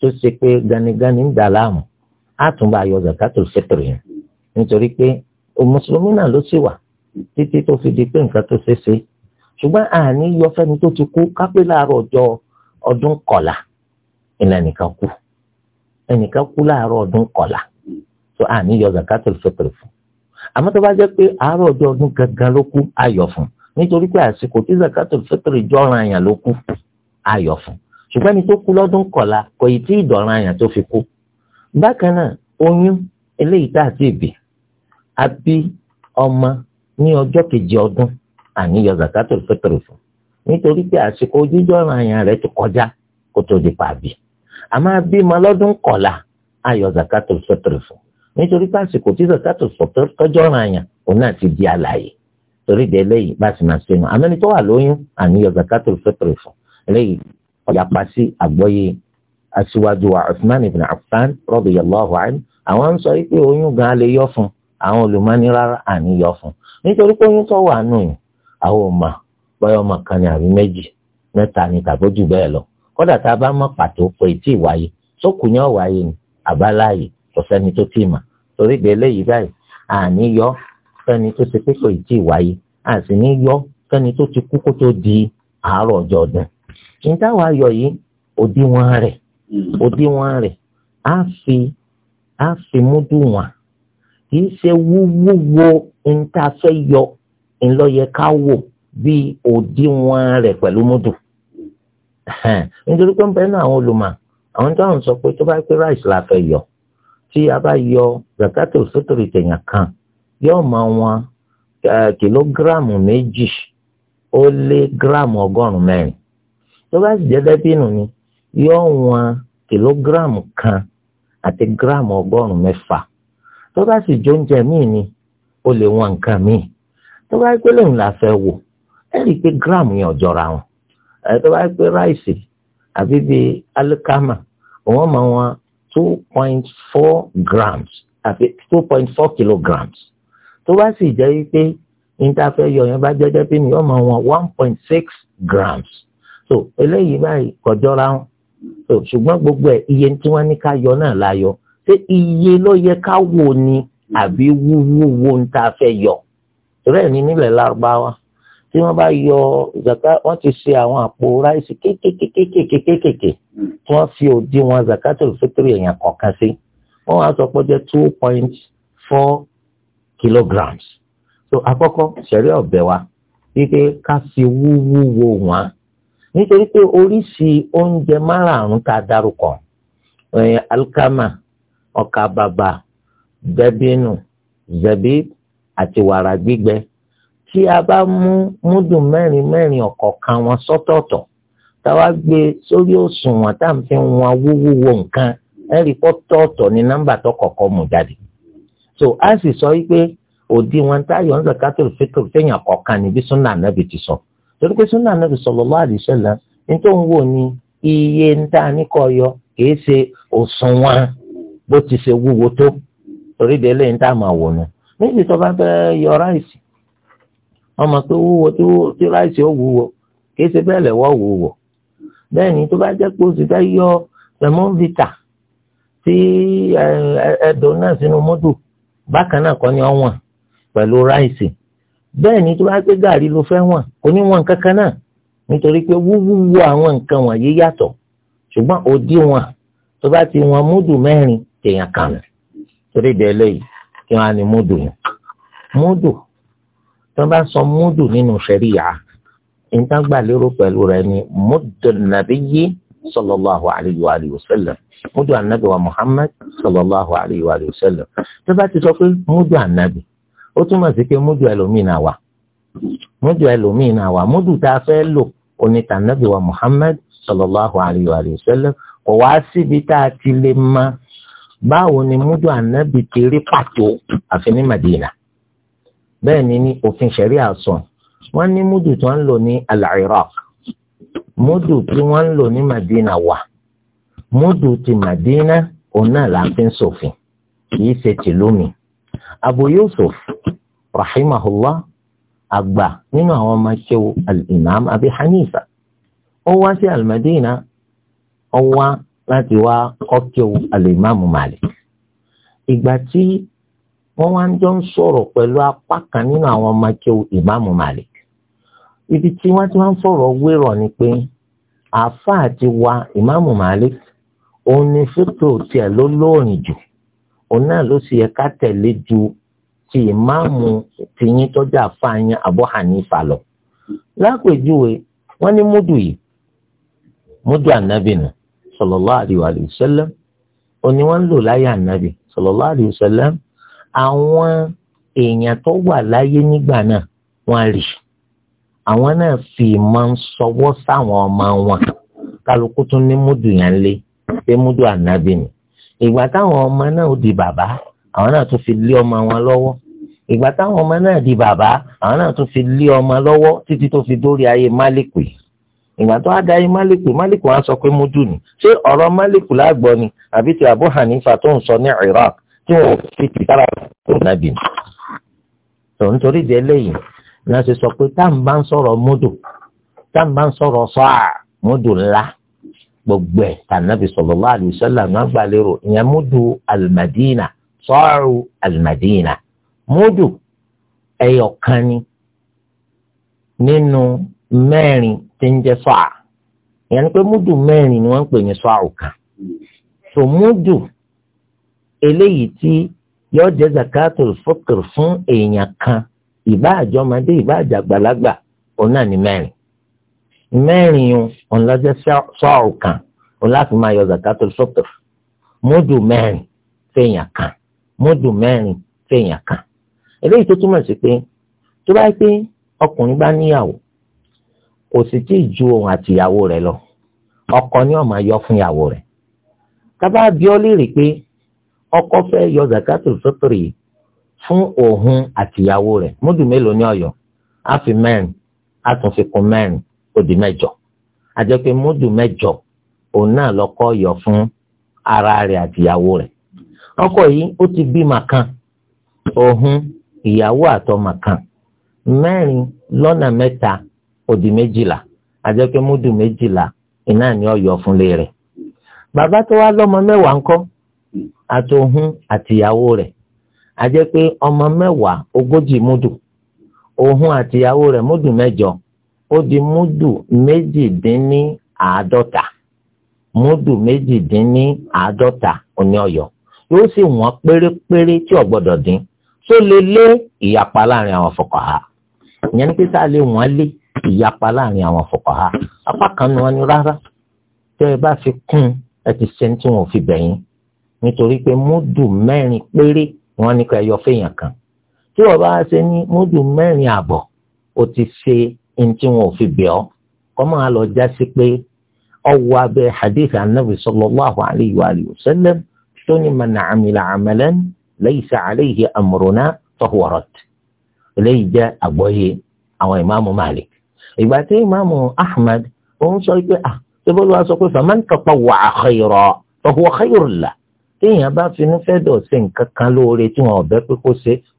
tó ṣe pé ganigani ń dà láàmú á tún bá yọ zakatul fitr yẹn nítorí pé mùsùlùmí náà ló sì wà títí tó fi di pé nǹkan tó ṣe ṣe ṣùgbọ́n àní yọ fẹ́ni tó ti kú kápẹ́ láàárọ̀ ọjọ́ ọdún kọ̀la ìlànà nìkan kú ẹnìkan kú láàárọ̀ ọdún kọ̀la tó àní yọ zakatul fitr fún àmọ́ tó bá jẹ́ pé àárọ̀ ọjọ́ ọdún gangan ló kú ayọ̀ fún nítorí pé àsìkò tí zakatul fitr jọ́ràn àyàn ló kú ayọ̀ fún ṣùgbọ́n ẹni tó kú lọ́dún kọ̀la kò ì tí ìdọ̀ràn àyàn tó fi kú bákan náà oyún eléyìí tá àti ìbí a bí ọmọ ní ọjọ́ kejì ọdún àníyọ zakatul fitr fún nítorí pé àsìkò jíjọ̀ràn àyàn rẹ̀ ti kọjá kó tó di pàbí àmọ́ a bímọ lọ́dún kọ̀la ayọ zakatul fitr fún nítorí pé àsìkò tí zakatul fitr tọ́jọ́ràn àyàn òun náà ti di àlàyé torí de eléyìí bá sì máa ṣe nù àmọ́ ẹni tó wà lóyún àníyọ zakatul fitr fún eléyìí ọ̀yàpá sí àgbọ́yé aṣíwájú wa Uthman ibn Affan radiyallahu anhu àwọn ń sọ pé oyún gan lè yọ fún àwọn olùmọ́ni rárá àní yọ fún nítorí pé oyún tó wà nù yìí àwọn ò mà bọ́yọ̀ ọmọ kan ní àbí méjì mẹ́ta ni tàbójú bẹ́ẹ̀ lọ kódà tá a bá mọ̀ pàtó pé tí ì wáyé sókùn yẹn ni àbáláyé kò tó tì mà torí pé eléyìí báyìí àní yọ fẹ́ni tó ti pé kò ì tí àti ní yọ fẹ́ni tó ti kú kó tó di àárọ̀ ọjọ́ ọdún kì í táwọn ayọ̀ yìí òdiwọ̀n rẹ̀ hmm. òdiwọ̀n rẹ̀ á fi á fi múdù wọn kì í ṣe wúwúwo níta fẹ́ yọ ńlọ́yẹ ká wò bí òdiwọ̀n rẹ̀ pẹ̀lú múdù nítorí pé ń bẹ́ẹ̀ náà àwọn olùmọ̀ àwọn tó àwọn sọ pé tó bá pé rice la fẹ́ yọ tí a bá yọ zakato sótòrì tèèyàn kan yóò wọn kìlógíráàmù méjì ó lé gíráàmù ọgọ́rùn-ún tó bá sì jẹ́ dẹ́bìnù ni yóò wọn kìlógíráàmù kan àti gíráàmù ọgọ́rùn-ún mẹ́fà tó bá sì jó oúnjẹ míì ni ó lè wọn nǹkan míì tó bá pé lóun là fẹ́ wò ẹ rí i pé gíráàmù yẹn ò jọra wọn ẹ tó bá pé ráìsì àbí bíi alikama òun máa wọn two point four grams àbí two point four kilograms tó bá sì jẹ́ wípé ní tá fẹ́ yọ yẹn bá jẹ́jẹ́ pé yóò máa wọn one point six grams so eléyìí báyìí kọjọ́ra wọn so ṣùgbọ́n gbogbo ẹ̀ iye tí wọ́n ní ká yọ náà la yọ ṣé iye ló yẹ ká wò ni àbí wúwo wo ń ta fẹ́ yọ rẹ̀ ní nílẹ̀ lárúbáwá tí wọ́n bá yọ zaka wọ́n ti ṣe àwọn àpò ráìsì kékèkékèkékèké tí wọ́n fi òdiwọ̀n zakatul fitri èèyàn kọ̀ọ̀kan sí wọ́n wá sọ pé jẹ́ two point four kilograms so àkọ́kọ́ ṣẹ̀rí ọ̀bẹ wa wípé ká fi wúwo wò wọ́n nítorí pé oríṣi oúnjẹ márààrún tá a darúkọ alikama ọkà bàbà dẹbínú zẹbí àti wàrà gbígbẹ tí a bá mú múdùn mẹrin mẹ́rin kan wọn sọ́tọ̀ọ̀tọ̀ táwa gbé sórí òṣùwọ̀n tá à ń fi wọn wúwúwo nǹkan ní nọ́mbà tó kọ̀ọ̀kan mú jáde so a sì sọ wípé òdiwọ̀n táyọ̀ ń fẹ́yìn torí pé súnà nàbì sallallahu alaihi wasallam nítorí òun wò iye yọ kìí ṣe òṣùwọ̀n bó ti ṣe wúwo tó torí délé ń máa wò nù bá yọ ráìsì ọmọ pé wúwo tí ráìsì ó wúwo kìí ṣe bẹ́ẹ̀ lẹ́wọ́ wúwo bẹ́ẹ̀ ni tó bá jẹ́ pé o sì fẹ́ yọ tí náà sínú mọ́tò bákan náà kọ́ ni bẹ́ẹ̀ ni tó bá gbé gàrí ló fẹ́ wọ̀n oníwọ̀n kankan náà nítorí pé wúwúwo àwọn nǹkan wọ̀nyí yàtọ̀ ṣùgbọ́n òdiwọ̀n tó bá ti wọn múdù mẹ́rin tèèyàn kan nù torí ìdẹ eléyìí kí wọ́n á ní múdù yẹn múdù tó bá sọ múdù nínú ṣẹ̀ríyà ìtàgbà lérò pẹ̀lú rẹ̀ ni múdù nàbíyí sallallahu alayhi wa alihi wa sallam múdù ànábì wa Muhammad sallallahu alayhi wa alihi sallam tó bá ti sọ pé múdù ànábì ó túmọ̀ sí pé múdù ẹlòmíì náà wà múdù ẹlòmíì náà wà múdù tá a fẹ́ lò onítànàbí wa Muhammad sallallahu alayhi wa sallam kò wá síbi tá a ti lè mọ báwo ni múdù ànábì ti rí pàtó àfi ní Madina bẹ́ẹ̀ ni ní òfin ṣẹ̀rí àsùn wọ́n ní múdù tí wọ́n ń lò ní al-Iraq tí wọ́n ń lò ní Madina wà múdù ti Madina òun náà la fi ń ṣòfin kì í ṣe tìlú mi abu yusuf rahimahullah àgbà nínú àwọn ọmọ ṣẹ́wó al-imam abi hanifa ó wá sí al-madina wá láti wá kọ́kẹ́wó al-imam malik ìgbà tí wọ́n wá ń jọ ń sọ̀rọ̀ pẹ̀lú apá nínú àwọn ọmọ ṣẹ́wó imam malik ibi tí wọ́n ti wá ń sọ̀rọ̀ imam malik òun fíkò tiẹ̀ ló Ona náà ló sì yẹ ká tẹ̀lé ju ti ìmáàmù tìyín tọ́jà fáyín Abu Hanifa lọ. lápèjúwe wọ́n ní múdù yìí múdù ànábìnà sallallahu alaihi wa sallam òní wọ́n ń lò láyé ànábì sallallahu alaihi wa sallam àwọn èèyàn tó wà láyé nígbà náà wọ́n rí àwọn náà fi máa ń sọwọ́ sáwọn ọmọ wọn kálukú tún ní múdù yẹn lé pé múdù ànábìnà ìgbà táwọn ọmọ náà ó di bàbá àwọn náà tún fi lé ọmọ wọn lọ́wọ́ ìgbà táwọn ọmọ náà di bàbá àwọn náà tún fi lé ọmọ lọ́wọ́ títí tó fi dórí ayé Málíkù ìgbà tó á da ayé Málíkù Málíkù á sọ pé múdù ni ṣé ọ̀rọ̀ Málíkù lágbọ́ ni àbí ti Abu Hanifa tó ń sọ ní Iraq tí wọn ò fi tìkára tó nàbì ni. tó nítorí ìdí eléyìí náà ṣe sọ pé táà ń bá ń sọ̀rọ̀ múdù táà ń bá ń sọ̀rọ̀ sọ́à múdù ńlá gbogbo ẹ̀ tànàbí sallallahu alaihi wasallam náà gbà lérò ìyẹn múdù alimadina sọ́ọ̀rù alimadina múdù ẹyọ kan ni nínú mẹ́rin tí ń jẹ́ sọ́à ìyẹn ni pé múdù mẹ́rin ni wọ́n ń pè ní sọ́ọ̀rù kan so múdù eléyìí tí yóò jẹ́ zakatul fitr fún èèyàn kan ìbá àjọmọdé ìbá àjàgbàlagbà òun náà ni mẹ́rin mẹ́rin ọ̀nlọ́jẹ́ sọ́ọ̀rù kan òun láti máa yọ zakato sọ́tọ̀ múdù mẹ́rin fèèyàn kan múdù mẹ́rin fèèyàn kan eléyìí tó túmọ̀ sí pé tó bá pé ọkùnrin bá níyàwó kò sì tí ì ju òun àtìyàwó rẹ̀ lọ ọkọ ni ó máa yọ fún ìyàwó rẹ̀ kábà bí ọ lè rí pé ọkọ fẹ́ yọ zakato sọ́tọ̀ yìí fún òun àtìyàwó rẹ̀ múdù mélòó ni ó yọ fi mẹ́rin á tún fi kún mẹ́rin ó mẹjọ mẹ́jọ àjẹ́ pé múdù mẹ́jọ òun náà yọ fún ara rẹ àti ìyàwó ọkọ yìí ó ti bí màkàn òun ìyàwó àtọ kan mẹrin lọ́nà mẹ́ta ó méjìlá àjẹ́ pé méjìlá iná ni ó yọ fúnlé rẹ bàbá tó wá mẹ́wàá ńkọ́ àtòhun àtìyàwó pé ọmọ mẹ́wàá ogójì òun àtìyàwó ó di múdù méjìdínní àádọ́ta múdù méjìdínní àádọ́ta òní ọ̀yọ́ yóò sì wọ́n pérépéré tí ò gbọ́dọ̀ dín tó lè lé ìyapa láàrin àwọn fuqaha ìyẹn ní pété àlè wọ́n lé ìyapa láàrin àwọn fuqaha apá kan ni wọ́n ní rárá tẹ́ ẹ bá fi kún ẹ ti ṣe tí wọn ò fi bẹ̀yìn nítorí pé múdù mẹ́rin péré wọ́n ní ká yọ fẹ́yàn kan tí wọ́n bá ṣe ní múdù mẹ́rin àbọ̀ ó ti ṣe ní tí wọn ò fi bẹ̀ ọ́ kọ́ máa lọ já sí pé ọwọ́ abẹ́ hadith anabi sallallahu alayhi wa sallam tó ní man amila amalan laysa alayhi amruna fahuwa radd eléyìí jẹ́ àgbọ́yé àwọn ìmáàmù Malik ìgbà tí ìmáàmù Ahmad òun sọ pé ah ṣé bọ́lú wa sọ pé faman tatawwa'a khayran fahuwa khayrun lahu téèyàn bá finú fẹ́ dọ̀ nǹkan kan lóore tí wọn ò bẹ́ pé kó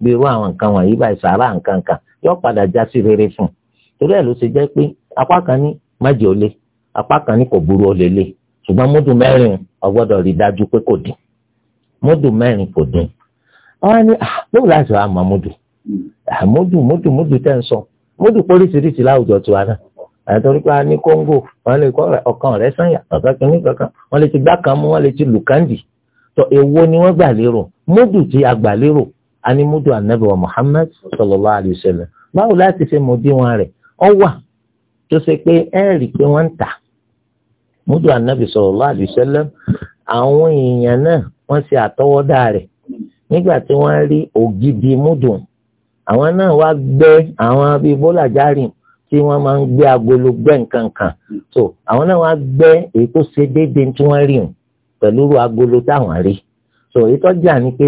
bí irú àwọn nǹkan wọ̀nyí báyìí sàárà nǹkan kan yóò padà já sí rere fún un torí ẹ̀ ló ṣe jẹ́ pé apá kan ní májè ó lé apá kan ní kò burú ó lè lé ṣùgbọ́n múdù mẹ́rin ọgbọ́dọ̀ rí dájú pé kò dín múdù mẹ́rin kò dín wọ́n ní lóò ah, láti wá mọ múdù ah, múdù múdù múdù tẹ̀ ń sọ múdù póríṣiríṣi láwùjọ tiwa náà àtọ́rí pé a ní kóńgò wọ́n lè kọ́ ọ̀kan rẹ̀ sànyà ọ̀kan kìíní kankan wọ́n lè ti gbá kan mú wọ́n lè ti lù káńdì tó èwo ni wọ́n gbà lérò múdù tí a lérò a ní múdù ànábì wa Muhammad sallallahu alayhi wa sallam báwo láti ṣe mọ̀ díwọ̀n rẹ̀ ọ wà tó ṣe pé ẹ rí i pé wọ́n ń tà múdù ànábì sallallahu alaihi wasallam àwọn èèyàn náà wọ́n ṣe àtọwọ́dá rẹ̀ nígbà tí wọ́n rí ògidì múdù àwọn náà wá gbẹ́ àwọn bíi bólà járì tí wọ́n máa ń gbé agolo gbẹ́ nǹkan kan so àwọn náà wá gbẹ́ èyí tó ṣe déédéé tí wọ́n rí pẹ̀lú agolo táwọn rí so èyí tó jà ni pé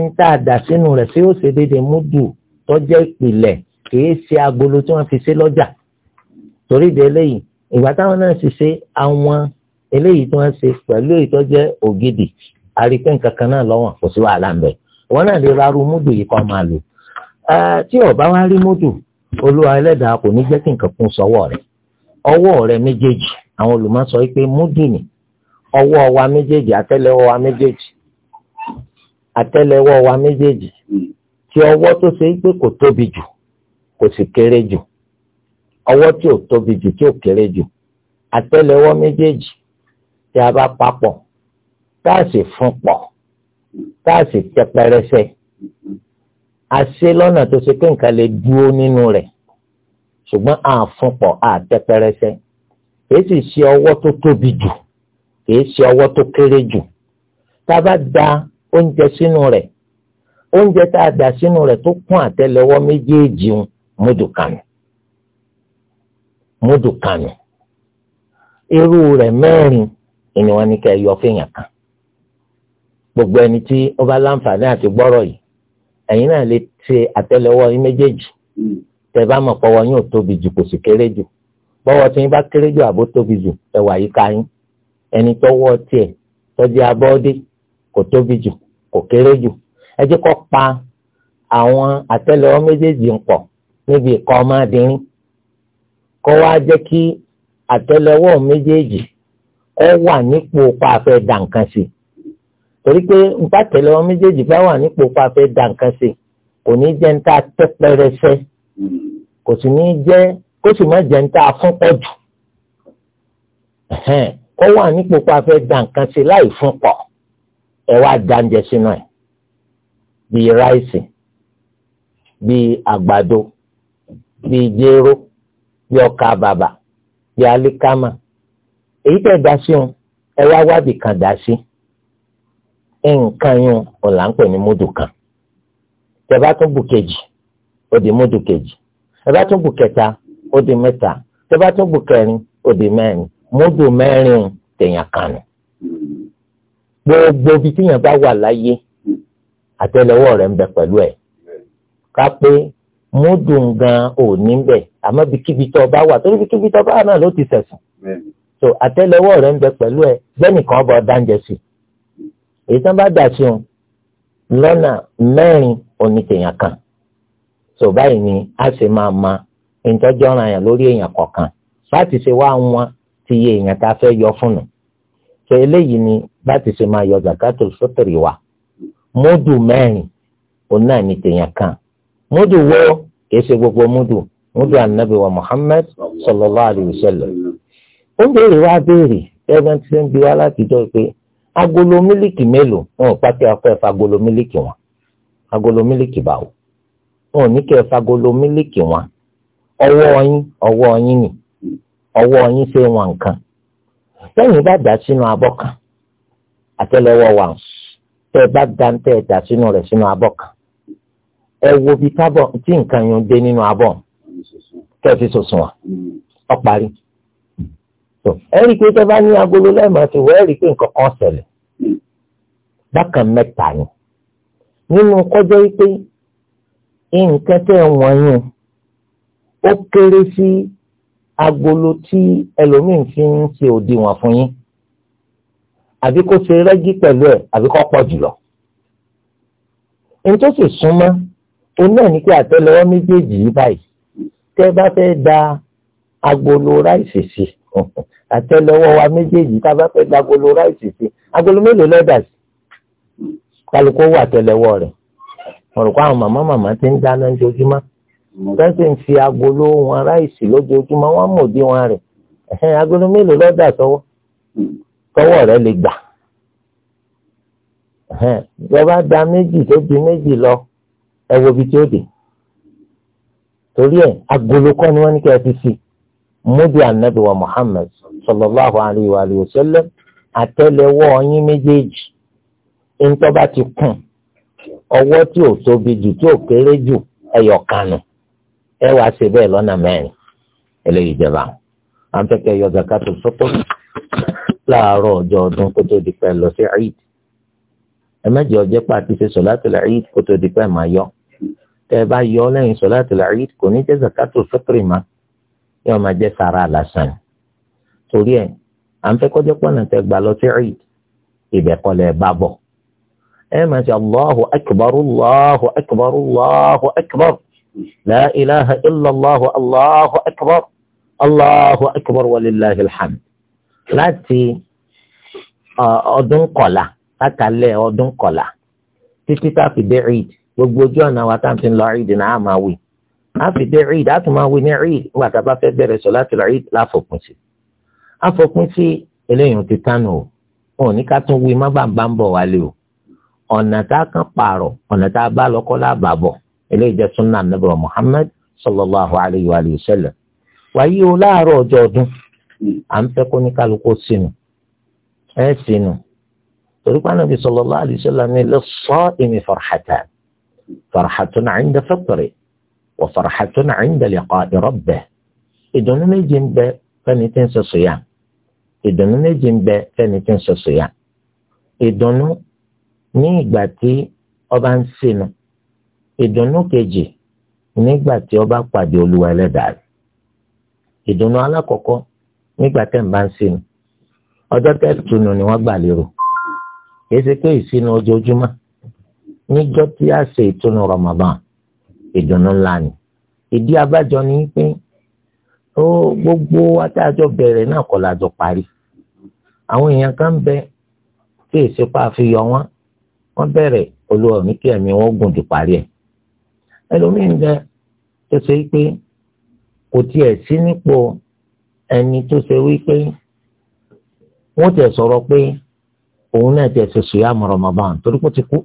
ń tá a dà sínú rẹ̀ sí ó ṣe déédéé múdù tó ìpìlẹ̀ kìí ṣe agolo tí wọ́n fi ṣe lọ́jà torí ìdí eléyìí ìgbà táwọn náà sì ṣe àwọn eléyìí tí wọ́n ṣe pẹ̀lú èyí tó jẹ́ ògidì àríkẹ́ nǹkan kan náà lọ́wọ́n kò sí wàhálà ń bẹ̀ wọ́n náà lè rárú múdù yìí kọ́ máa lò tí ọba wa rí múdù olúwa ẹlẹ́dàá kò ní jẹ́ kí nǹkan kún sọ́wọ́ rẹ̀ ọwọ́ rẹ̀ méjèèjì àwọn olùmọ̀ sọ pé múdù ni ọwọ́ wa méjèèjì àtẹ́lẹwọ́ wa méjèèjì àtẹ́lẹwọ́ wa méjèèjì tí ọwọ́ tó ṣe pé kò tóbi jù kò sì kéré jù ọwọ́ tí ò tóbi jù tí ò kéré jù àtẹ́lẹwọ́ méjèèjì tí a bá papọ̀ tá a sì fún pọ̀ tá a sì tẹ pẹrẹsẹ a ṣe lọ́nà tó ṣe pé nǹkan lè dúró nínú rẹ̀ ṣùgbọ́n a fún pọ̀ a tẹ pẹrẹsẹ kìí sì ṣe ọwọ́ tó tóbi jù kìí ṣe ọwọ́ tó kéré jù tá a bá da oúnjẹ sínú rẹ̀ oúnjẹ tá a dà sínú rẹ̀ tó kún àtẹ́lẹwọ́ méjèèjì ń múdù kánù múdù kánù irú rẹ̀ mẹ́rin ìní wọn ní kẹ́ yọ fẹ́yàn kan gbogbo ẹni tí ó bá láǹfààní àti gbọ́rọ̀ yìí ẹ̀yin náà lè ṣe àtẹ́lẹwọ́ yín méjèèjì tẹ́ bá mọ̀ pọ́wọ́ yín ò tóbi jù kò sì kéré jù bọ́wọ́ tí yín bá kéré jù àbó tóbi jù ẹwà yìí ká yín ẹni tọ́wọ́ tiẹ̀ tọ́jú abọ́dé kò tóbi jù kò kéré jù ẹ jẹ́ kó pa àwọn àtẹ́lẹwọ́ méjèèjì ń pọ̀ níbi ìkọ́ ọmọdéyìn kó wá jẹ́ kí àtẹ́lẹwọ́ méjèèjì ó wà nípò pàfẹ́ dànkan sí torí pé nípa àtẹ́lẹwọ́ méjèèjì bá wà nípò pàfẹ́ dànkan sí kò ní jẹ́ níta tẹ́pẹ́rẹsẹ́ kò sì ní jẹ́ kó sì má jẹ́ níta fún pọ̀jù kó wà nípò pàfẹ́ dànkan sí láì fún pọ̀ ẹ wá dáńjẹ sínú ẹ̀ bíi ráìsì bíi àgbàdo bíi jéró bíi ọkà bàbà bíi alikama èyí tẹ̀ dá sí wọn ẹ wá wábì kan dá sí nǹkan yún ọ̀là ń pè ní múdù kan tẹ́ bá tún bù kejì ó di múdù kejì tẹ́ bá tún bù kẹta ó di mẹ́ta tẹ́ bá tún bù kẹrin ó di mẹ́rin múdù mẹ́rin tèèyàn kan gbogbo ibi tíyàn bá wà láyé àtẹ́lẹwọ́ rẹ̀ ń bẹ pẹ̀lú ẹ̀ ká pé múdùn gan ò ní bẹ̀ àmọ́ bíkíbi tó bá wà torí bíkíbi tó bá wà náà ló ti sẹ̀sùn. so àtẹ́lẹwọ́ rẹ̀ ń bẹ pẹ̀lú ẹ gbẹ́nìkan bọ̀ dáńjẹ sí i èyí tán bá dà sí kan so báyìí ni a sì máa ma ìtọ́jú ọ̀ràn yẹn lórí èèyàn kọ̀ọ̀kan láti ṣe wá wọn ti yẹ èèyàn tá a yọ fún un so eléyìí ni láti ṣe máa yọ zakatul fitri wa múdù mẹ́rin òun náà kan Mudu wọ́ kìí ṣe gbogbo Mudu, Mudu ànábì wa Muhammad sallallahu alayhi wa sallam. ó ń béèrè wá béèrè ẹgbẹ́ tí ṣe ń bi wá látijọ́ agolo miliki mélòó wọn ò pàtẹ ọkọ ẹ̀fà agolo mílíkì wọn agolo miliki báwo wọn ò ní kẹ́ ẹ̀fà agolo mílíkì wọn ọwọ́ ọyin ọwọ́ ọyìn ni ọwọ́ ọyin ṣe wọn nkan. lẹ́yìn bá dà sínú abọ́ kan àtẹ́lẹwọ́ wa tẹ bá dantẹ́ dà sínú rẹ̀ sínú abọ́ kan ẹ wo bí kábọ̀ tí nǹkan yẹn dé nínú abọ́ kẹfì sòsùn wa ọ parí. ẹ rí i pé tẹ́ bá ní agolo lẹ́ẹ̀mọ́ ti wọ́ ẹ rí i pé nǹkan kan ṣẹlẹ̀ bákan mẹ́ta ni nínú kọjọ́ pé nǹkan tẹ́ wọ́n yẹn ó kéré sí agolo tí ẹlòmíín fi ń ṣe òdiwọ̀n fún yín àbí kó ṣe rẹ́gí pẹ̀lú ẹ̀ àbí kó pọ̀ jùlọ. n tó sì súnmọ́ òun náà ní pé àtẹ́lẹwọ́ méjèèjì yìí báyìí tẹ́ bá fẹ́ da agolo ráìsì sí àtẹ́lẹwọ́ wa méjèèjì tá a bá fẹ́ da agolo ráìsì sí agolo mélòó lọ́dà sí kálukú wà àtẹ́lẹwọ́ rẹ̀ ọ̀rùkọ́ àwọn màmá màmá ti ń dáná ojoojúmọ́ wọ́n sì ń fi agolo wọn ráìsì lójoojúmọ́ wọ́n mọ̀ bí wọn rẹ̀ ẹ̀hẹ́n mélòó lọ́dà tọwọ́ tọwọ́ rẹ̀ lè gbà ìjọba da méjì tó bí méjì lọ ẹ wo ibi tí ó dé torí ẹ agolokọ ni wọn ní kí ẹ ti fi mọbi anabi wa Muhammad alayhi wa alayhi wa sallam ọyìn méjèèjì ti kùn ọwọ́ tí ò tóbi jù tí ò kanu ẹ wàá ṣe bẹ́ẹ̀ lọ́nà ele eléyìí jẹba à ń zakato sọ́kọ́ láàárọ̀ ọjọ́ ọdún kó di lọ sí eid ẹ mẹ́jọ ọjọ́ pàtí ṣe sọ láti lọ eid kó tó di tẹ́ ẹ bá yọ ọ lẹ́yìn sọ̀láàtùl Eid kò ní jẹ́ zakatul fitri ma yóò máa jẹ́ sàrà lásán torí ẹ̀ à ń fẹ́ kọjá pọnà tẹ́ gbà lọ sí Eid ibẹ̀ kọ́ lẹ bá bọ̀ ẹ máa ṣe allahu akbar allahu akbar allahu akbar la ilaha illallah allahu akbar allahu akbar walillahi alhamd láti uh, ọdún kọlá látàlẹ́ ọdún kọlá títí tá a fi dé Eid gbogbo ojú ọ̀nà wa tá à ń fi lọ ìdì náà á máa wí á fi dé ìdì á tún máa wí ní ìdì nígbà tá a bá fẹ́ bẹ̀rẹ̀ sọ láti lọ ìdì láfọ̀pin sí àfọ̀pin sí eléyìí ti tánu o òun ní ká tún wí má bàa bá ń bọ̀ wálé o ọ̀nà tá a kan pààrọ̀ ọ̀nà tá a bá lọ́kọ́ láàbà bọ̀ eléyìí jẹ́ sunnah nabi muhammad sallallahu alayhi wa sallam wàyí o láàárọ̀ ọjọ́ ọdún à ń fẹ́ kó ní sínú ẹ̀ sínú torí pé ànábì sallallahu alayhi wa sallam ní lọ́sọ̀ọ́ ìmì farhatan farhatun 'inda fitri wa farhatun 'inda liqa'i rabbih ìdùnnú méjì ń bẹ fẹ́ni tí ń ṣe siyam ìdùnnú méjì ń bẹ fẹ́ni tí ń ṣe siyam ìdùnnú ní ìgbà tí ọba ń sinu ìdùnnú kejì nígbà tí ọba pàdé olúwa ẹlẹ́dàá rẹ̀ ìdùnnú alákọ̀ọ́kọ́ nígbà tẹ̀ ń bá ń sinu ọjọ́ tẹ̀ tunu ni wọ́n gbà lérò kì í ṣe pé ìsinu ojoojúmọ́ níjọ́ tí a ṣe ìtúnu Ramadan ìdùnnú ńlá ni ìdí abájọ ni pé ó gbogbo atájọ bẹ̀rẹ̀ náà kọ́ la jọ parí àwọn èèyàn kan bẹ tí ìsìnkú àfihàn wọn wọn bẹ̀rẹ̀ olúwa ní kí ẹ̀mí wọn gùn jù parí ẹ̀ ẹlòmíín bẹ tó ṣe pé kò tiẹ̀ sí nípò ẹni tó ṣe wípé wọ́n tẹ̀ sọ̀rọ̀ pé òun náà tẹ̀ ṣe sùyàmù Ramadan torí kó ti kú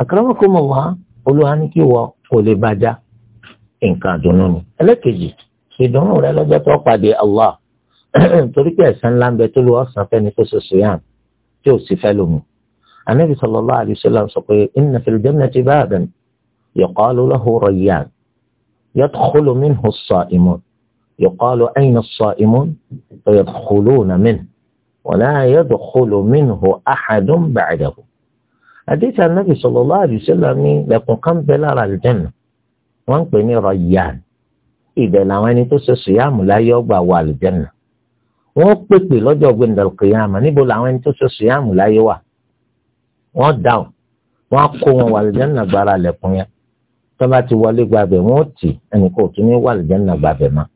akramakumullah olúwa ní kí wọ́n kò lè bàjá nǹkan àdùnnú ni. ẹlẹ́kejì ìdùnnú rẹ lọ́jọ́ tó pàdé Allah torí pé ẹ̀san ńlá ń bẹ tó lu ọ̀sán fẹ́ni tó ṣoṣo yàn tí ò sì fẹ́ lómi. anabi sallallahu alayhi wa sallam sọ pé inna fil jannati baban yuqalu lahu rayyan yadkhulu minhu as-sa'imun yuqalu ayna as-sa'imun fayadkhuluna minhu wa la yadkhulu minhu ahadun ba'dahu àdéhùn anábì sallallahu alaihi wasallam ní lẹ̀kùn kan bẹ lára àlùjẹ́nà wọ́n ń pè ní Rayyan ibẹ̀ làwọn ẹni tó ṣe sùyàmù láyé ọgbà wà àlùjẹ́nà wọ́n pèpè lọ́jọ́ gbẹ̀ndàlùkìyàmà níbo làwọn ẹni tó ṣe sùyàmù láyé wà wọ́n dáhùn wọ́n á kó wọn wà àlùjẹ́nà gbára lẹ̀kùn yẹn tó bá ti wọlé gbàbẹ̀ wọ́n tì ẹnì kan ò tún ní wà àlùjẹ́nà gbàbẹ̀ mọ́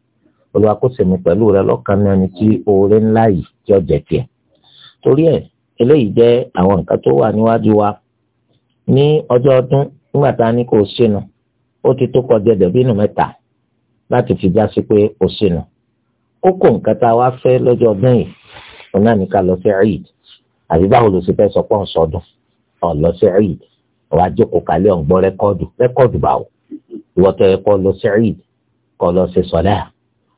olùwà kó sèmi pẹ̀lú rẹ lọ́kàn ní ẹni tí oore ńlá yìí tí ọ̀jẹ̀ ní ọjọ́ ọdún nígbà tá a ní kò sínú ó ti tó kọjá dẹ̀bínú mẹ́ta láti fi já sí pé kò sínú ó kó nǹkan tá a wá fẹ́ lọ́jọ́ ọdún yìí òun náà ní ká lọ sí eid àbí báwo ló ṣe fẹ́ sọ pé òun sọdún òun lọ sí eid wàá jókòó kalẹ̀ òun gbọ́ rẹ́kọ́ọ̀dù rẹ́kọ́ọ̀dù báwo ìwọ tó yẹ lọ sí eid kó lọ sí sọ́dà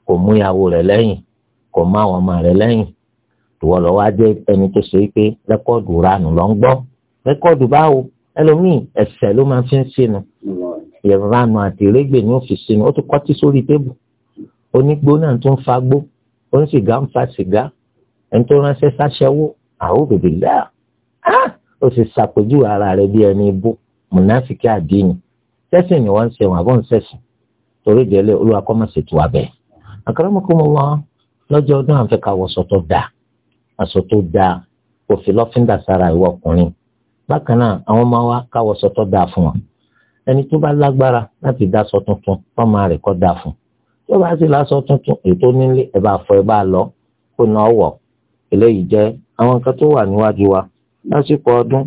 kò mú ìyàwó rẹ̀ lẹ́yìn kò mú àwọn ọmọ rẹ̀ lẹ́yìn ìwọ lọ wá jẹ́ ẹni tó ṣe pé rẹ́kọ́ọ̀dù ránù lọ́ ń gbọ́ rẹ́kọ́ọ̀dù báwo ẹlòmíì ẹsẹ̀ ló máa fi ń sínú ìranu àti ìrégbè ni ó fi sínú ó tún kọtí sórí tébù onígbó náà tún fa gbó oníṣìgá ń fa sìgá ẹni tó ránṣẹ́ sáṣẹ́wó àwọn òbèbè láà ó sì ṣàpèjú ara rẹ̀ bí ẹni bó mùnáfíkì àdínì sẹ́sìn ni wọ́n ń sẹ́wọ̀n àbọ̀ ń sẹ́sìn torí ìdílé olúwa kọ́ máa ṣètò abẹ́ àkàràmọ́kùnmọ́ wọn lọ́jọ́ ọdún àfẹ́kà tó dáa aṣọ tó dáa òfin lọ́fíńdà sára ìwọ ọkùnrin bákan náà àwọn ọmọ wa káwọ sọtọ dáa fún wọn ẹni tó bá lágbára láti dáṣọ tuntun ọmọ rẹ̀ kọ dáa fún tó bá sì láṣọ tuntun ètò nílé ẹ bá fọ ẹ bá lọ kó na ọ wọ eléyìí jẹ àwọn nǹkan tó wà níwájú wa lásìkò ọdún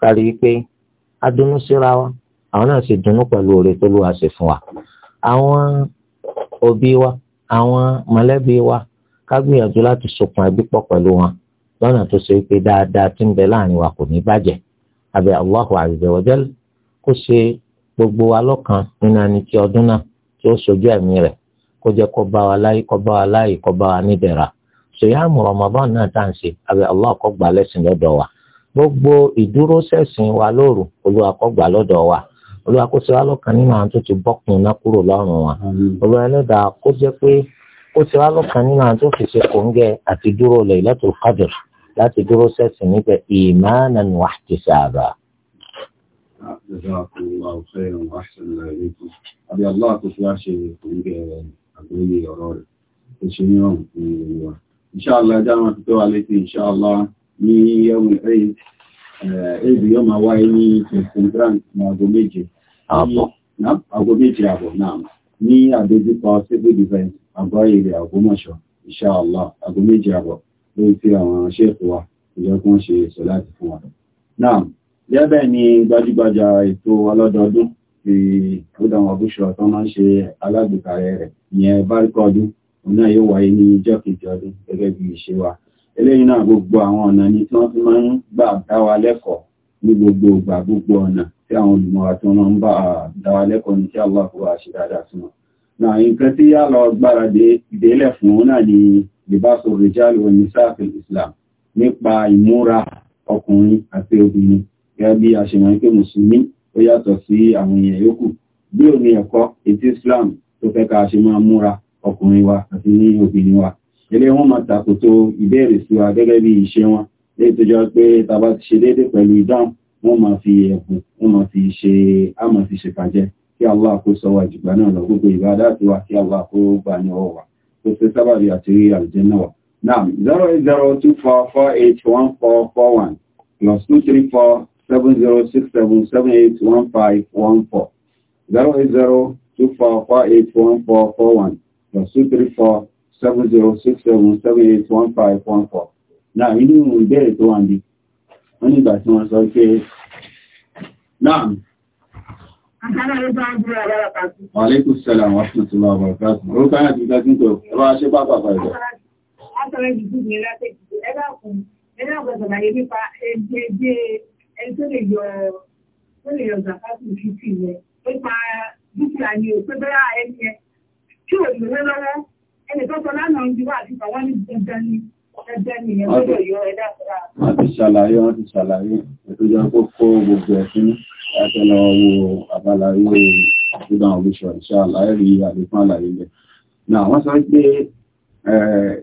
kárí pé a dunnú síra wa àwọn náà sì dunnú pẹ̀lú oore tó lù wá ṣe fún wa àwọn òbí wa àwọn mọ̀lẹ́bí wa ká gbìyànjú láti sokùn ẹbí pọ̀ pẹ̀lú wọn lọ́nà tó ṣe pé dáadáa tí ń bẹ láàrin wa kò ní bàjẹ́ àbẹ̀ Allahu azza wa jal kó ṣe gbogbo wa lọ́kàn nínú ẹni tí ọdún náà tí ó ṣojú ẹ̀mí rẹ̀ kó jẹ́ kó bá wa láyé kó bá wa láyé kó bá wa nídẹ̀ra ṣèyáàmù Ramadan náà tá à ń ṣe àbẹ̀ Allah kó gbà lẹ́sìn lọ́dọ̀ wa gbogbo ìdúróṣẹ̀sìn wa lóru Olúwa kó gbà lọ́dọ̀ wa Olúwa kó ṣe wá lọ́kàn nínú àwọn tó ti bọ́kùn iná kúrò lọ́rùn wa Olúwa ẹlẹ́dàá kó jẹ́ pé ó ti wá lọ́kàn nínú àwọn tó fi ṣe kòńgẹ́ àti dúró Laylatul Qadr láti dúró sẹ́sìn níbẹ̀ imanan wa ihtisaba. Jazakallahu khairan wa ahsana ilaykum. Àbí Allah kò fi wá ṣe ìpòǹgẹ̀ àgbóyè ọ̀rọ̀ rẹ̀. Ó ṣe ní ọ̀hún fún ìlú wa. Inshallah ẹja máa fi tó wa létí Inshallah ní ẹ̀wọ̀n ẹ̀yìn. Ẹ̀ẹ́dì yóò máa wáyé ní Tẹ̀sán Grant ní aago méje. Àbọ̀. Aago méje àbọ̀ náà ní àdójúkọ Civil Defense Àgbáyé lórí tí àwọn ṣéèkù wa ìjọ kún ṣe sọ láti fún wa. náà lẹ́bẹ̀ ni gbajúgbajà ètò ọlọ́dọọdún ti ọdọ̀wọ̀n búṣọ tó máa ń ṣe alágbèkalẹ̀ rẹ̀ ìyẹn báríkọ ọdún òun náà yóò wáyé ní ìjọ kejì ọdún gẹ́gẹ́ bí ìṣe wa eléyìí náà gbogbo àwọn ọ̀nà ni tí wọ́n fi máa ń gbà dá wa lẹ́kọ̀ọ́ ní gbogbo ìgbà gbogbo ọ̀nà tí àwọn olùmọ̀ra tó máa ń bá dá wa lẹ́kọ̀ọ́ ní tí aláàfọwọ́ àṣẹ dáadáa sí wọn. náà nǹkan tí yá lọ gbára libasul rijal wan nisa fil islam nípa ìmúra ọkùnrin àti obìnrin gẹ́gẹ́ bí a ṣe mọ̀ pé mùsùlùmí ó yàtọ̀ sí àwọn èèyàn yòókù bí ò ní ẹ̀kọ́ ètí islam tó fẹ́ ká ṣe máa múra ọkùnrin wa àti ní obìnrin wa ilé wọn máa tàkòtò ìbéèrè sí wa gẹ́gẹ́ bí ìṣe wọn léyìí tó jọ pé tàbá ti ṣe déédé pẹ̀lú ìdáhùn wọn máa fi ẹ̀bùn wọn máa fi ṣe á máa fi ṣèpàjẹ́ kí Allah kó sọ wa jùgbà náà lọ gbogbo ìbádá wa kí Allah kó gbà ní ọwọ́ wa kò ṣe sábàbí àti rí àlùjànnà wọ̀. Now zero eight zero two four four eight one four four one plus two three four seven zero six seven seven eight one five one four zero eight zero two four four eight one four four one plus two three four seven zero six seven seven eight one five one four. Now you ìbéèrè tó wà ní wọ́n nígbà tí wọ́n sọ pé Wàlékún sẹ́lá àwọn aṣòtúlọ àwọn ìfẹ́sùn. Orúkọ náà ti gbẹ́gbẹ́ tó ọba ṣe pápá pàdé. Látọ̀rẹ́ ìdíjú ni láti ẹgbẹ́kùn, ẹgbẹ́kùn ṣàlàyé nípa ẹgbẹ́ ẹni tó lè yọ tó lè yọ zakatu fífì rẹ̀. Nípa dúkìá ni ò pé bẹ́rẹ̀ ẹni ẹ. Kí ò lè lé lọ́wọ́, ẹni tó sọ lánàá ń diwọ́ àti àwọn ní dandan ni dandan ni ẹgbẹ́ yọ ẹ̀dá. Wọ́n ti ṣàlàyé, wọ́n ti ṣàlàyé, ètò ìjọba kó gbogbo ẹ̀sìn láti lọ wo abala ilé àtúgbà olùṣọ́ ìṣẹ́ àláìrí àdékún àlàyé rẹ̀. náà wọ́n sọ pé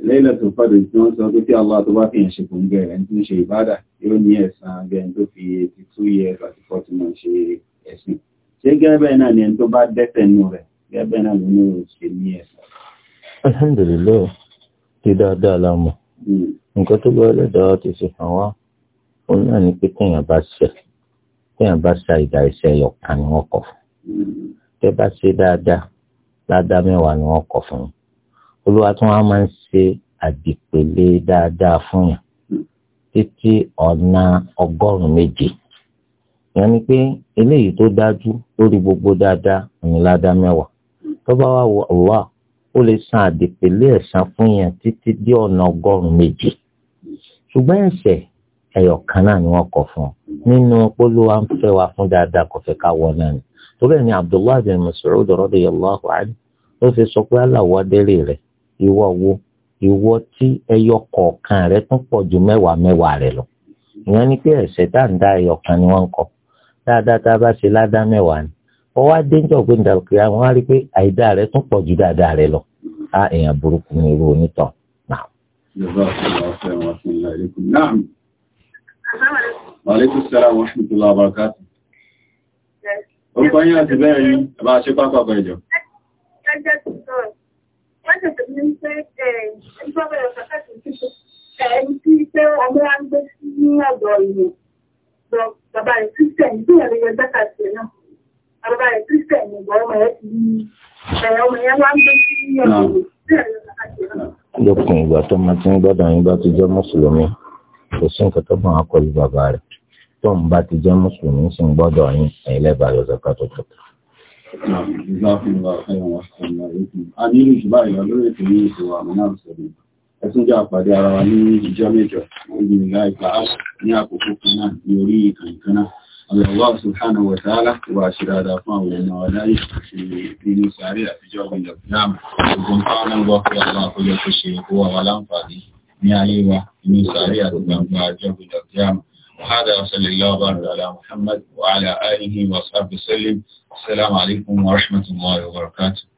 lẹ́lẹ̀ tó fàdé tí wọ́n sọ pé tí Allah tó bá fi hàn ṣekùn gẹ̀rẹ̀ tí ń ṣe ìbádà yóò ní ẹ̀san gẹ̀rẹ̀ tó fi 82 years àti 40 months ṣe ẹ̀sìn ṣé gẹ́gẹ́ náà ni ẹni tó bá dẹ́ṣẹ̀ nù rẹ̀ gẹ́gẹ́ náà ló ní ṣe ní ẹ̀san. alhamdulillah ti dáadáa la mọ̀ hmm. nǹkan tó bá ẹlẹ́dàá ti fi hàn wá òun náà ni pé kéèyàn téèyàn bá sa ìdá iṣẹ́ ẹyọkan ni wọ́n kọ̀ fún tẹ́ bá ṣe dáadáa dáadáa mẹ́wàá ni wọ́n kọ̀ fún yín olúwa tí wọ́n máa ń ṣe àdìpèlé dáadáa fún yàn títí ọ̀nà ọgọ́rùn-ún méje ìyẹn ni pé eléyìí tó dájú lórí gbogbo dáadáa òní ládàá mẹ́wàá tó bá wà wọ ọ̀wà ó lè san àdìpèlé ẹ̀san fún yàn títí dé ọ̀nà ọgọ́rùn-ún méje ṣùgbọ́n ẹ̀ṣẹ̀ ẹyọ kan náà ni wọ́n kọ̀ fún ọ nínú polówó à ń fẹ́ wa fún dáadáa kò fẹ́ ká wọ náà ni torí ẹni abdullahi bin Mas'ud radiyallahu anhu ló fi sọ pé aláwọ̀ adélé rẹ̀ ìwọ wo ìwọ tí ẹyọ kọ̀ọ̀kan rẹ̀ tún pọ̀ ju mẹ́wàá mẹ́wàá rẹ̀ lọ ìyẹn ni pé ẹ̀ṣẹ̀ tá à ń dá ẹyọ kan ni wọ́n ń kọ dáadáa tá a bá ṣe ládá mẹ́wàá ni wọ́n wá déńjọ́ ndàlùkì àwọn á rí pé àìdá rẹ̀ tún pọ̀ ju dáadáa rẹ̀ lọ á èèyàn burúkú ni irú onítọ̀ náà. Wàlékún sára wọ́n ṣe tó lábàá káàtì. Orúkọ yín àti bẹ́ẹ̀ yín, ẹ̀bá ṣe pápápá ìjọ. Ẹni tí pé ọmọ wa ń gbé sí ọ̀dọ̀ ìlú, bàbá rẹ̀ kírísítẹ̀ni tí ẹ̀rọ yẹn dákà sí náà. Bàbá rẹ̀ kírísítẹ̀ni ìgbà ọmọ ẹ̀ ti ní ọmọ yẹn wá ń gbé sí ọ̀dọ̀ ìlú, tí ẹ̀rọ yẹn dákà sí náà. Lókun ìgbà tó máa kò sí nǹkan tó bọ̀ wọn kọlu bàbá rẹ̀ tó ń bá ti jẹ́ mùsùlùmí sì ń gbọ́dọ̀ yín ẹ̀yin lẹ́bàá yọ zaka tó tó. àní ìjùbá ìlọ lórí ètò ní ètò àpàdé ara wa ní ìjọ mẹ́jọ níbi ìlà ìgbà ní àkókò kan náà ní orí ìkànnì kan náà Allah subhanahu wa ta'ala wa ṣe dáadáa fún àwọn ọmọ aláyé àti nínú sáré àtijọ́ ọgbọ̀n ìjọba ìyá mi. Ògùn táwọn náà wọ́pẹ́ àwọn àkójọ tó ṣe kó wà wá láǹfààní. هذا ayé وهذا وصلى الله وبارك على محمد وعلى آله وصحبه وسلم السلام عليكم ورحمة الله وبركاته